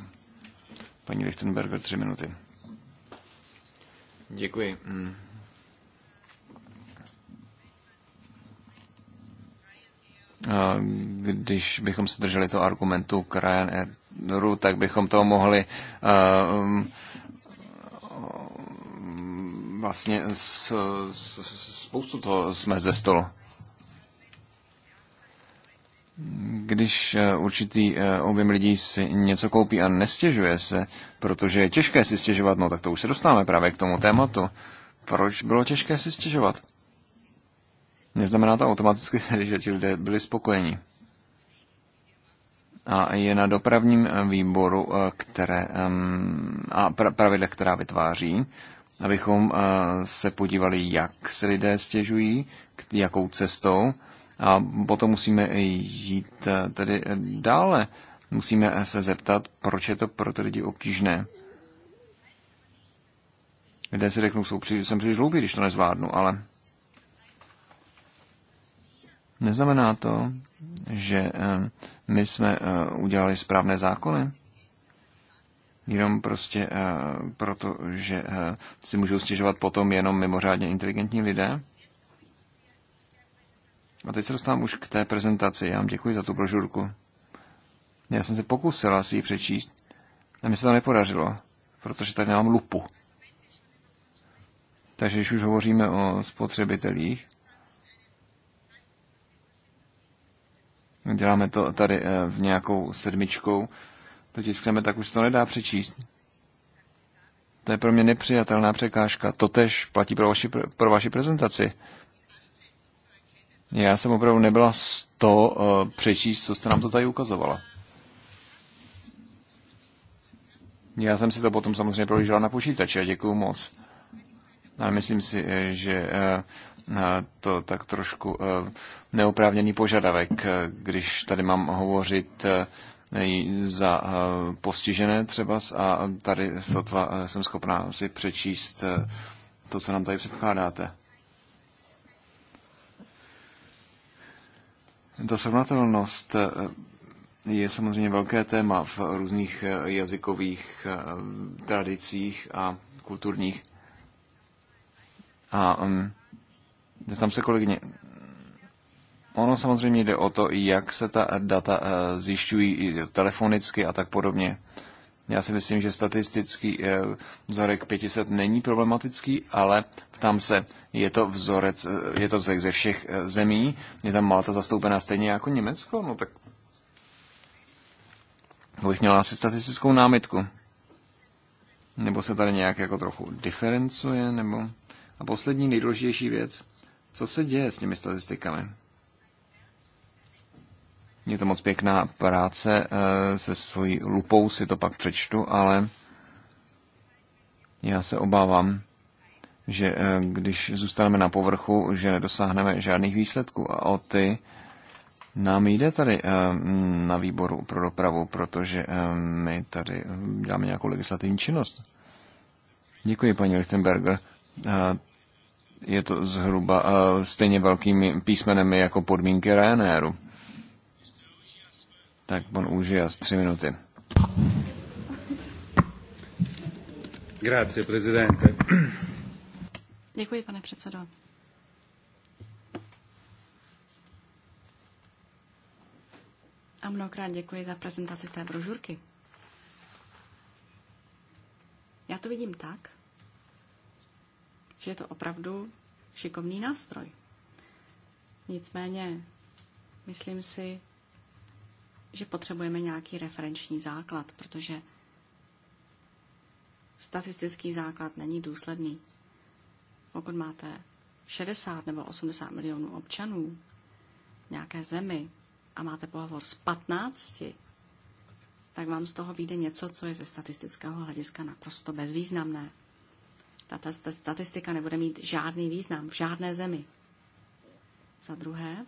Paní Lichtenberger, tři minuty. Děkuji. Hmm. Když bychom se drželi toho argumentu k Ryanairu, tak bychom to mohli uh, vlastně s, s, spoustu toho jsme ze stolu. Když eh, určitý eh, objem lidí si něco koupí a nestěžuje se, protože je těžké si stěžovat, no tak to už se dostáváme právě k tomu tématu. Proč bylo těžké si stěžovat? Neznamená to automaticky, že ti lidé byli spokojení. A je na dopravním eh, výboru které, a pravidle, která vytváří, abychom eh, se podívali, jak se lidé stěžují, jakou cestou a potom musíme jít eh, tedy eh, dále. Musíme se zeptat, proč je to pro ty lidi obtížné. Lidé si řeknou, jsou při, jsem příliš hloupý, když to nezvládnu, ale neznamená to, že my jsme udělali správné zákony. Jenom prostě uh, proto, že uh, si můžou stěžovat potom jenom mimořádně inteligentní lidé. A teď se dostávám už k té prezentaci. Já vám děkuji za tu brožurku. Já jsem se pokusila si ji přečíst. A mi se to nepodařilo, protože tady nemám lupu. Takže když už hovoříme o spotřebitelích, děláme to tady eh, v nějakou sedmičkou, to tiskneme, tak už se to nedá přečíst. To je pro mě nepřijatelná překážka. To tež platí pro vaši, pro vaši prezentaci. Já jsem opravdu nebyla z to uh, přečíst, co jste nám to tady ukazovala. Já jsem si to potom samozřejmě prohlížela na počítači a děkuju moc. Ale myslím si, eh, že uh, to tak trošku uh, neoprávněný požadavek, když tady mám hovořit uh, za eh, postižené třeba a tady sotva eh, jsem schopná si přečíst eh, to, co nám tady předkládáte. Ta srovnatelnost je samozřejmě velké téma v různých jazykových tradicích a kulturních. A um, mm, tam se kolegyně, Ono samozřejmě jde o to, jak se ta data eh, zjišťují telefonicky a tak podobně. Já si myslím, že statistický eh, vzorek 500 není problematický, ale ptám se, je to vzorec, eh, je to vzorek ze všech zemí, je tam Malta zastoupená stejně jako Německo, no tak bych měl asi statistickou námitku. Nebo se tady nějak jako trochu diferencuje, nebo... A poslední nejdůležitější věc, co se děje s těmi statistikami? Je to moc pěkná práce, eh, se svojí lupou si to pak přečtu, ale já se obávám, že eh, když zůstaneme na povrchu, že nedosáhneme žádných výsledků. A o ty nám jde tady eh, na výboru pro dopravu, protože my tady děláme nějakou legislativní činnost. Děkuji, paní Lichtenberger. Je to zhruba stejně velkými písmenemi jako podmínky Ryanairu. Tak on užije asi tři minuty. Grazie, prezidente. Děkuji, pane předsedo. A mnohokrát děkuji za prezentaci té brožurky. Já to vidím tak, že je to opravdu šikovný nástroj. Nicméně, myslím si, že potřebujeme nějaký referenční základ, protože statistický základ není důsledný. Pokud máte 60 nebo 80 milionů občanů v nějaké zemi a máte pohovor s 15, tak vám z toho vyjde něco, co je ze statistického hlediska naprosto bezvýznamné. Ta, statistika nebude mít žádný význam v žádné zemi. Za druhé,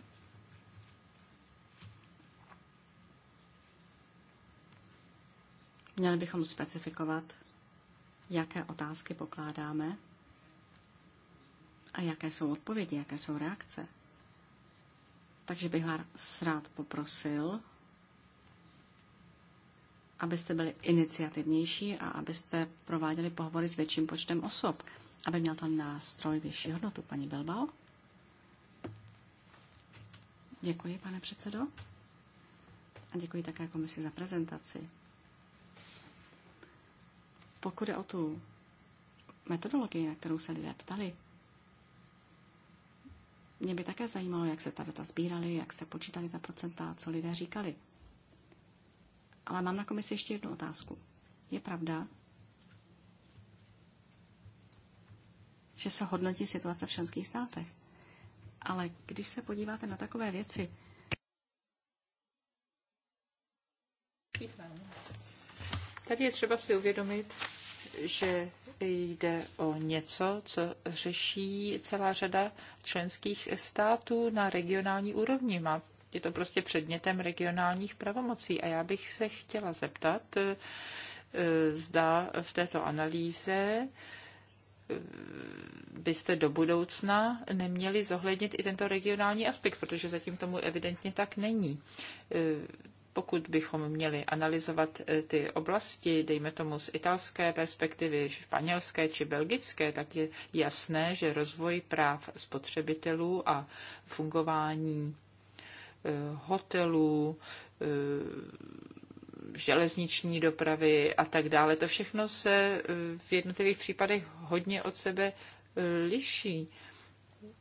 Měli bychom specifikovat, jaké otázky pokládáme a jaké jsou odpovědi, jaké jsou reakce. Takže bych vás rád poprosil, abyste byli iniciativnější a abyste prováděli pohovory s větším počtem osob, aby měl ten nástroj vyšší hodnotu. Paní Bilbao? Děkuji, pane předsedo. A děkuji také komisi za prezentaci. Pokud je o tu metodologii, na kterou se lidé ptali, mě by také zajímalo, jak se ta data sbírali, jak jste počítali ta procenta, co lidé říkali. Ale mám na komisi ještě jednu otázku. Je pravda, že se hodnotí situace v členských státech. Ale když se podíváte na takové věci, Tady je třeba si uvědomit, že jde o něco, co řeší celá řada členských států na regionální úrovni. Má je to prostě předmětem regionálních pravomocí. A já bych se chtěla zeptat, eh, zda v této analýze eh, byste do budoucna neměli zohlednit i tento regionální aspekt, protože zatím tomu evidentně tak není. Eh, pokud bychom měli analyzovat e, ty oblasti, dejme tomu z italské perspektivy, španělské či belgické, tak je jasné, že rozvoj práv spotřebitelů a fungování e, hotelů, e, železniční dopravy a tak dále. To všechno se v jednotlivých případech hodně od sebe liší.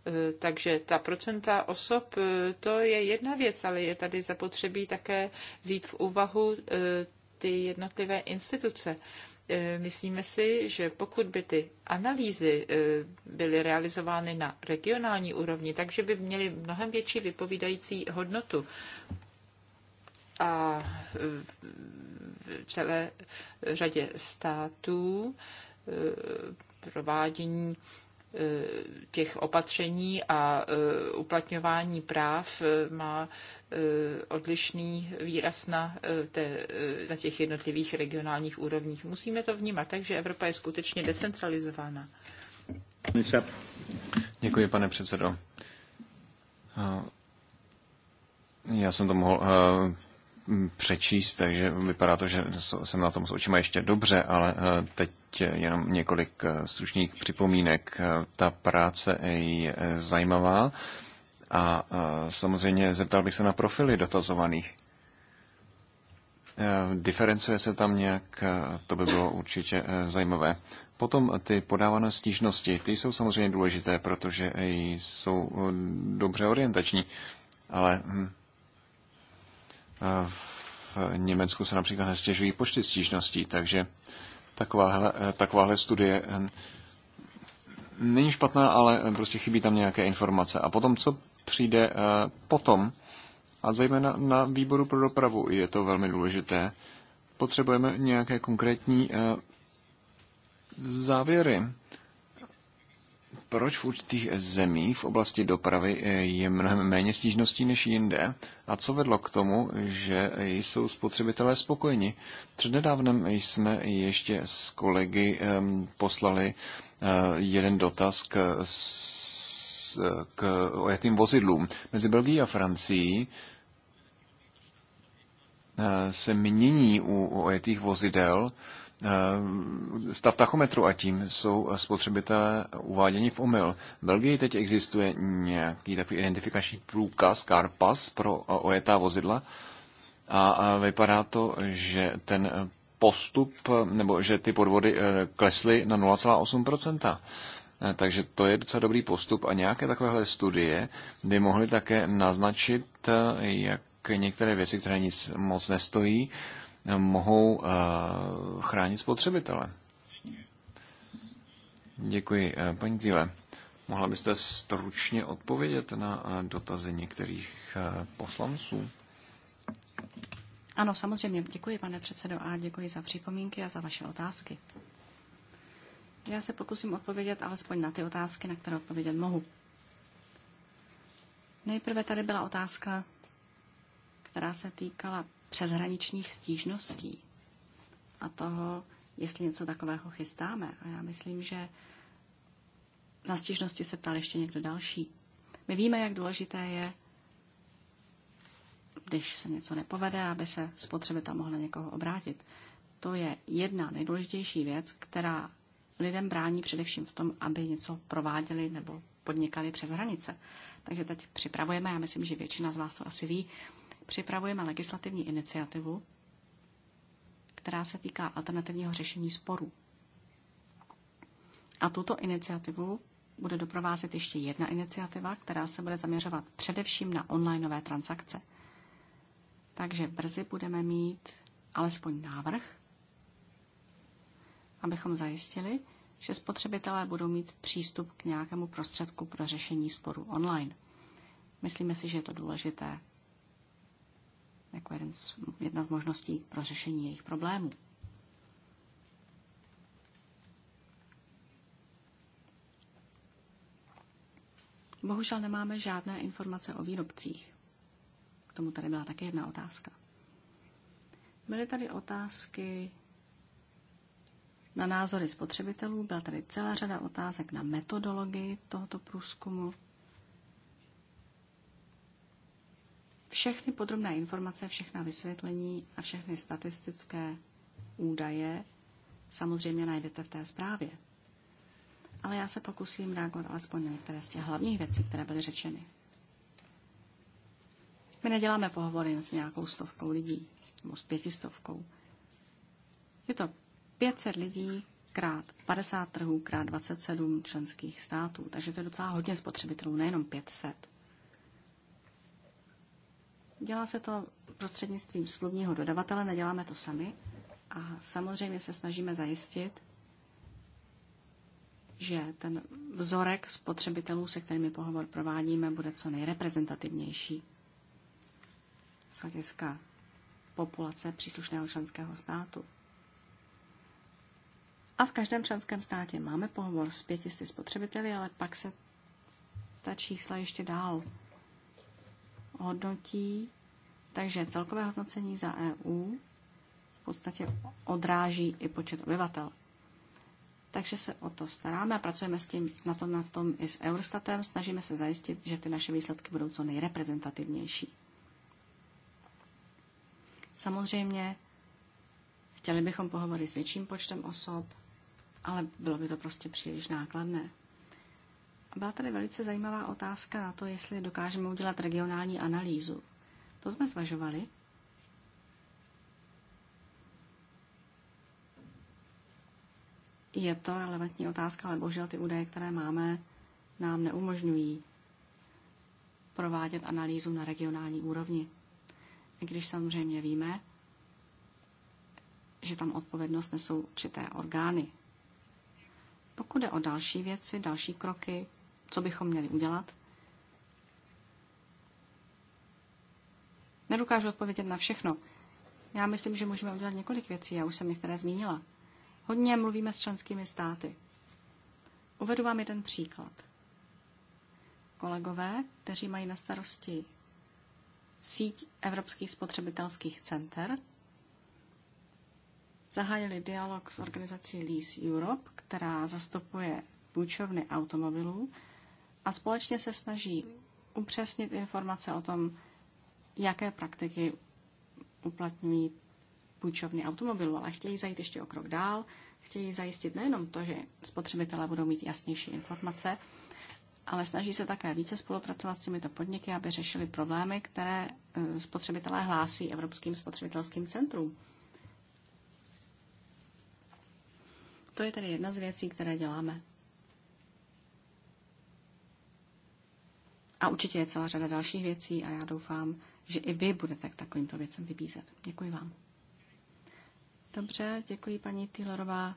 Eh, takže ta procenta osob, eh, to je jedna věc, ale je tady zapotřebí také vzít v úvahu eh, ty jednotlivé instituce. Myslíme si, že pokud by ty analýzy byly realizovány na regionální úrovni, takže by měly mnohem větší vypovídající hodnotu a v celé řadě států provádění E, těch opatření a e, uplatňování práv e, má odlišný výraz na, te, na těch jednotlivých regionálních úrovních. Musíme to vnímat tak, že Evropa je skutečně decentralizována. Děkuji, pane předsedo. Já jsem to mohl Mm, přečíst, takže vypadá to, že jsem na tom s očima ještě dobře, ale eh, teď jenom několik eh, stručných připomínek. Eh, ta práce je zajímavá a samozřejmě zeptal bych se na profily dotazovaných. Diferencuje se tam nějak, to by bylo určitě zajímavé. Potom ty podávané stížnosti, ty jsou samozřejmě důležité, protože jsou dobře orientační, ale hm, v Německu se například nestěžují počty stížností, takže takováhle, eh, takováhle studie eh, není špatná, ale eh, prostě chybí tam nějaké informace. A potom, co přijde potom, a zejména na výboru pro dopravu je to velmi důležité, potřebujeme nějaké konkrétní závěry proč v určitých zemích v oblasti dopravy eh, je mnohem méně stížností než jinde a co vedlo k tomu, že jsou spotřebitelé spokojeni. Přednedávnem jsme ještě s kolegy ehm, poslali eh, jeden dotaz k, k ojetým vozidlům. Mezi Belgií a Francií eh, se mění u ojetých vozidel Eh, stav tachometru a tím jsou spotřebitelé uváděni v omyl. V Belgii teď existuje nějaký takový identifikační průkaz, CarPass pro eh, ojetá vozidla a vypadá to, že ten eh, postup, nebo že ty podvody klesly na 0,8%. Takže to je docela dobrý postup a nějaké takovéhle studie by mohly také naznačit, jak některé věci, které nic moc nestojí, mohou eh, chránit spotřebitele. Děkuji, eh, paní Týle. Mohla byste stručně odpovědět na eh, dotazy některých poslanců? Ano, samozřejmě. Děkuji, pane předsedo, a děkuji za připomínky a za vaše otázky. Já se pokusím odpovědět alespoň na ty otázky, na které odpovědět mohu. Nejprve tady byla otázka, která se týkala přeshraničních stížností a toho, jestli něco takového chystáme. A já myslím, že na stížnosti se ptal ještě někdo další. My víme, jak důležité je, když se něco nepovede, aby se spotřebita mohla na někoho obrátit. To je jedna nejdůležitější věc, která lidem brání především v tom, aby něco prováděli nebo podnikali přes hranice. Takže teď připravujeme, já myslím, že většina z vás to asi ví, připravujeme legislativní iniciativu, která se týká alternativního řešení sporů. A tuto iniciativu bude doprovázet ještě jedna iniciativa, která se bude zaměřovat především na onlineové transakce. Takže brzy budeme mít alespoň návrh, abychom zajistili, že spotřebitelé budou mít přístup k nějakému prostředku pro řešení sporu online. Myslíme si, že je to důležité jako jeden z, jedna z možností pro řešení jejich problémů. Bohužel nemáme žádné informace o výrobcích. K tomu tady byla také jedna otázka. Byly tady otázky na názory spotřebitelů. Byla tady celá řada otázek na metodologii tohoto průzkumu. Všechny podrobné informace, všechna vysvětlení a všechny statistické údaje samozřejmě najdete v té zprávě. Ale já se pokusím reagovat alespoň na některé z těch hlavních věcí, které byly řečeny. My neděláme pohovory s nějakou stovkou lidí, nebo s pětistovkou. Je to 500 lidí krát 50 trhů krát 27 členských států. Takže to je docela hodně spotřebitelů, nejenom 500. Dělá se to prostřednictvím smluvního dodavatele, neděláme to sami. A samozřejmě se snažíme zajistit, že ten vzorek spotřebitelů, se kterými pohovor provádíme, bude co nejreprezentativnější z hlediska populace příslušného členského státu. A v každém členském státě máme pohovor s pětisty spotřebiteli, ale pak se ta čísla ještě dál hodnotí. Takže celkové hodnocení za EU v podstatě odráží i počet obyvatel. Takže se o to staráme a pracujeme s tím na tom, na tom i s Eurostatem. Snažíme se zajistit, že ty naše výsledky budou co nejreprezentativnější. Samozřejmě chtěli bychom pohovory s větším počtem osob, ale bylo by to prostě příliš nákladné. Byla tady velice zajímavá otázka na to, jestli dokážeme udělat regionální analýzu. To jsme zvažovali. Je to relevantní otázka, ale bohužel ty údaje, které máme, nám neumožňují provádět analýzu na regionální úrovni. I když samozřejmě víme, že tam odpovědnost nesou určité orgány, pokud jde o další věci, další kroky, co bychom měli udělat, nedokážu odpovědět na všechno. Já myslím, že můžeme udělat několik věcí, já už jsem některé zmínila. Hodně mluvíme s členskými státy. Uvedu vám jeden příklad. Kolegové, kteří mají na starosti síť evropských spotřebitelských center, zahájili dialog s organizací Lease Europe, která zastupuje půjčovny automobilů a společně se snaží upřesnit informace o tom, jaké praktiky uplatňují půjčovny automobilů, ale chtějí zajít ještě o krok dál, chtějí zajistit nejenom to, že spotřebitelé budou mít jasnější informace, ale snaží se také více spolupracovat s těmito podniky, aby řešili problémy, které eh, spotřebitelé hlásí Evropským spotřebitelským centrům. To je tedy jedna z věcí, které děláme. A určitě je celá řada dalších věcí a já doufám, že i vy budete k takovýmto věcem vybízet. Děkuji vám. Dobře, děkuji paní Tylorová.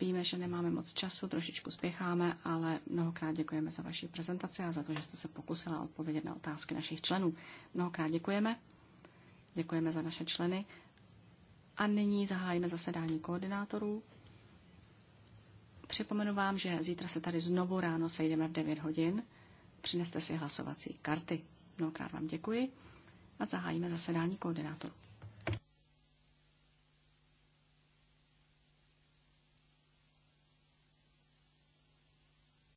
Víme, že nemáme moc času, trošičku spěcháme, ale mnohokrát děkujeme za vaši prezentaci a za to, že jste se pokusila odpovědět na otázky našich členů. Mnohokrát děkujeme. Děkujeme za naše členy a nyní zahájíme zasedání koordinátorů. Připomenu vám, že zítra se tady znovu ráno sejdeme v 9 hodin. Přineste si hlasovací karty. Mnohokrát vám děkuji a zahájíme zasedání koordinátorů.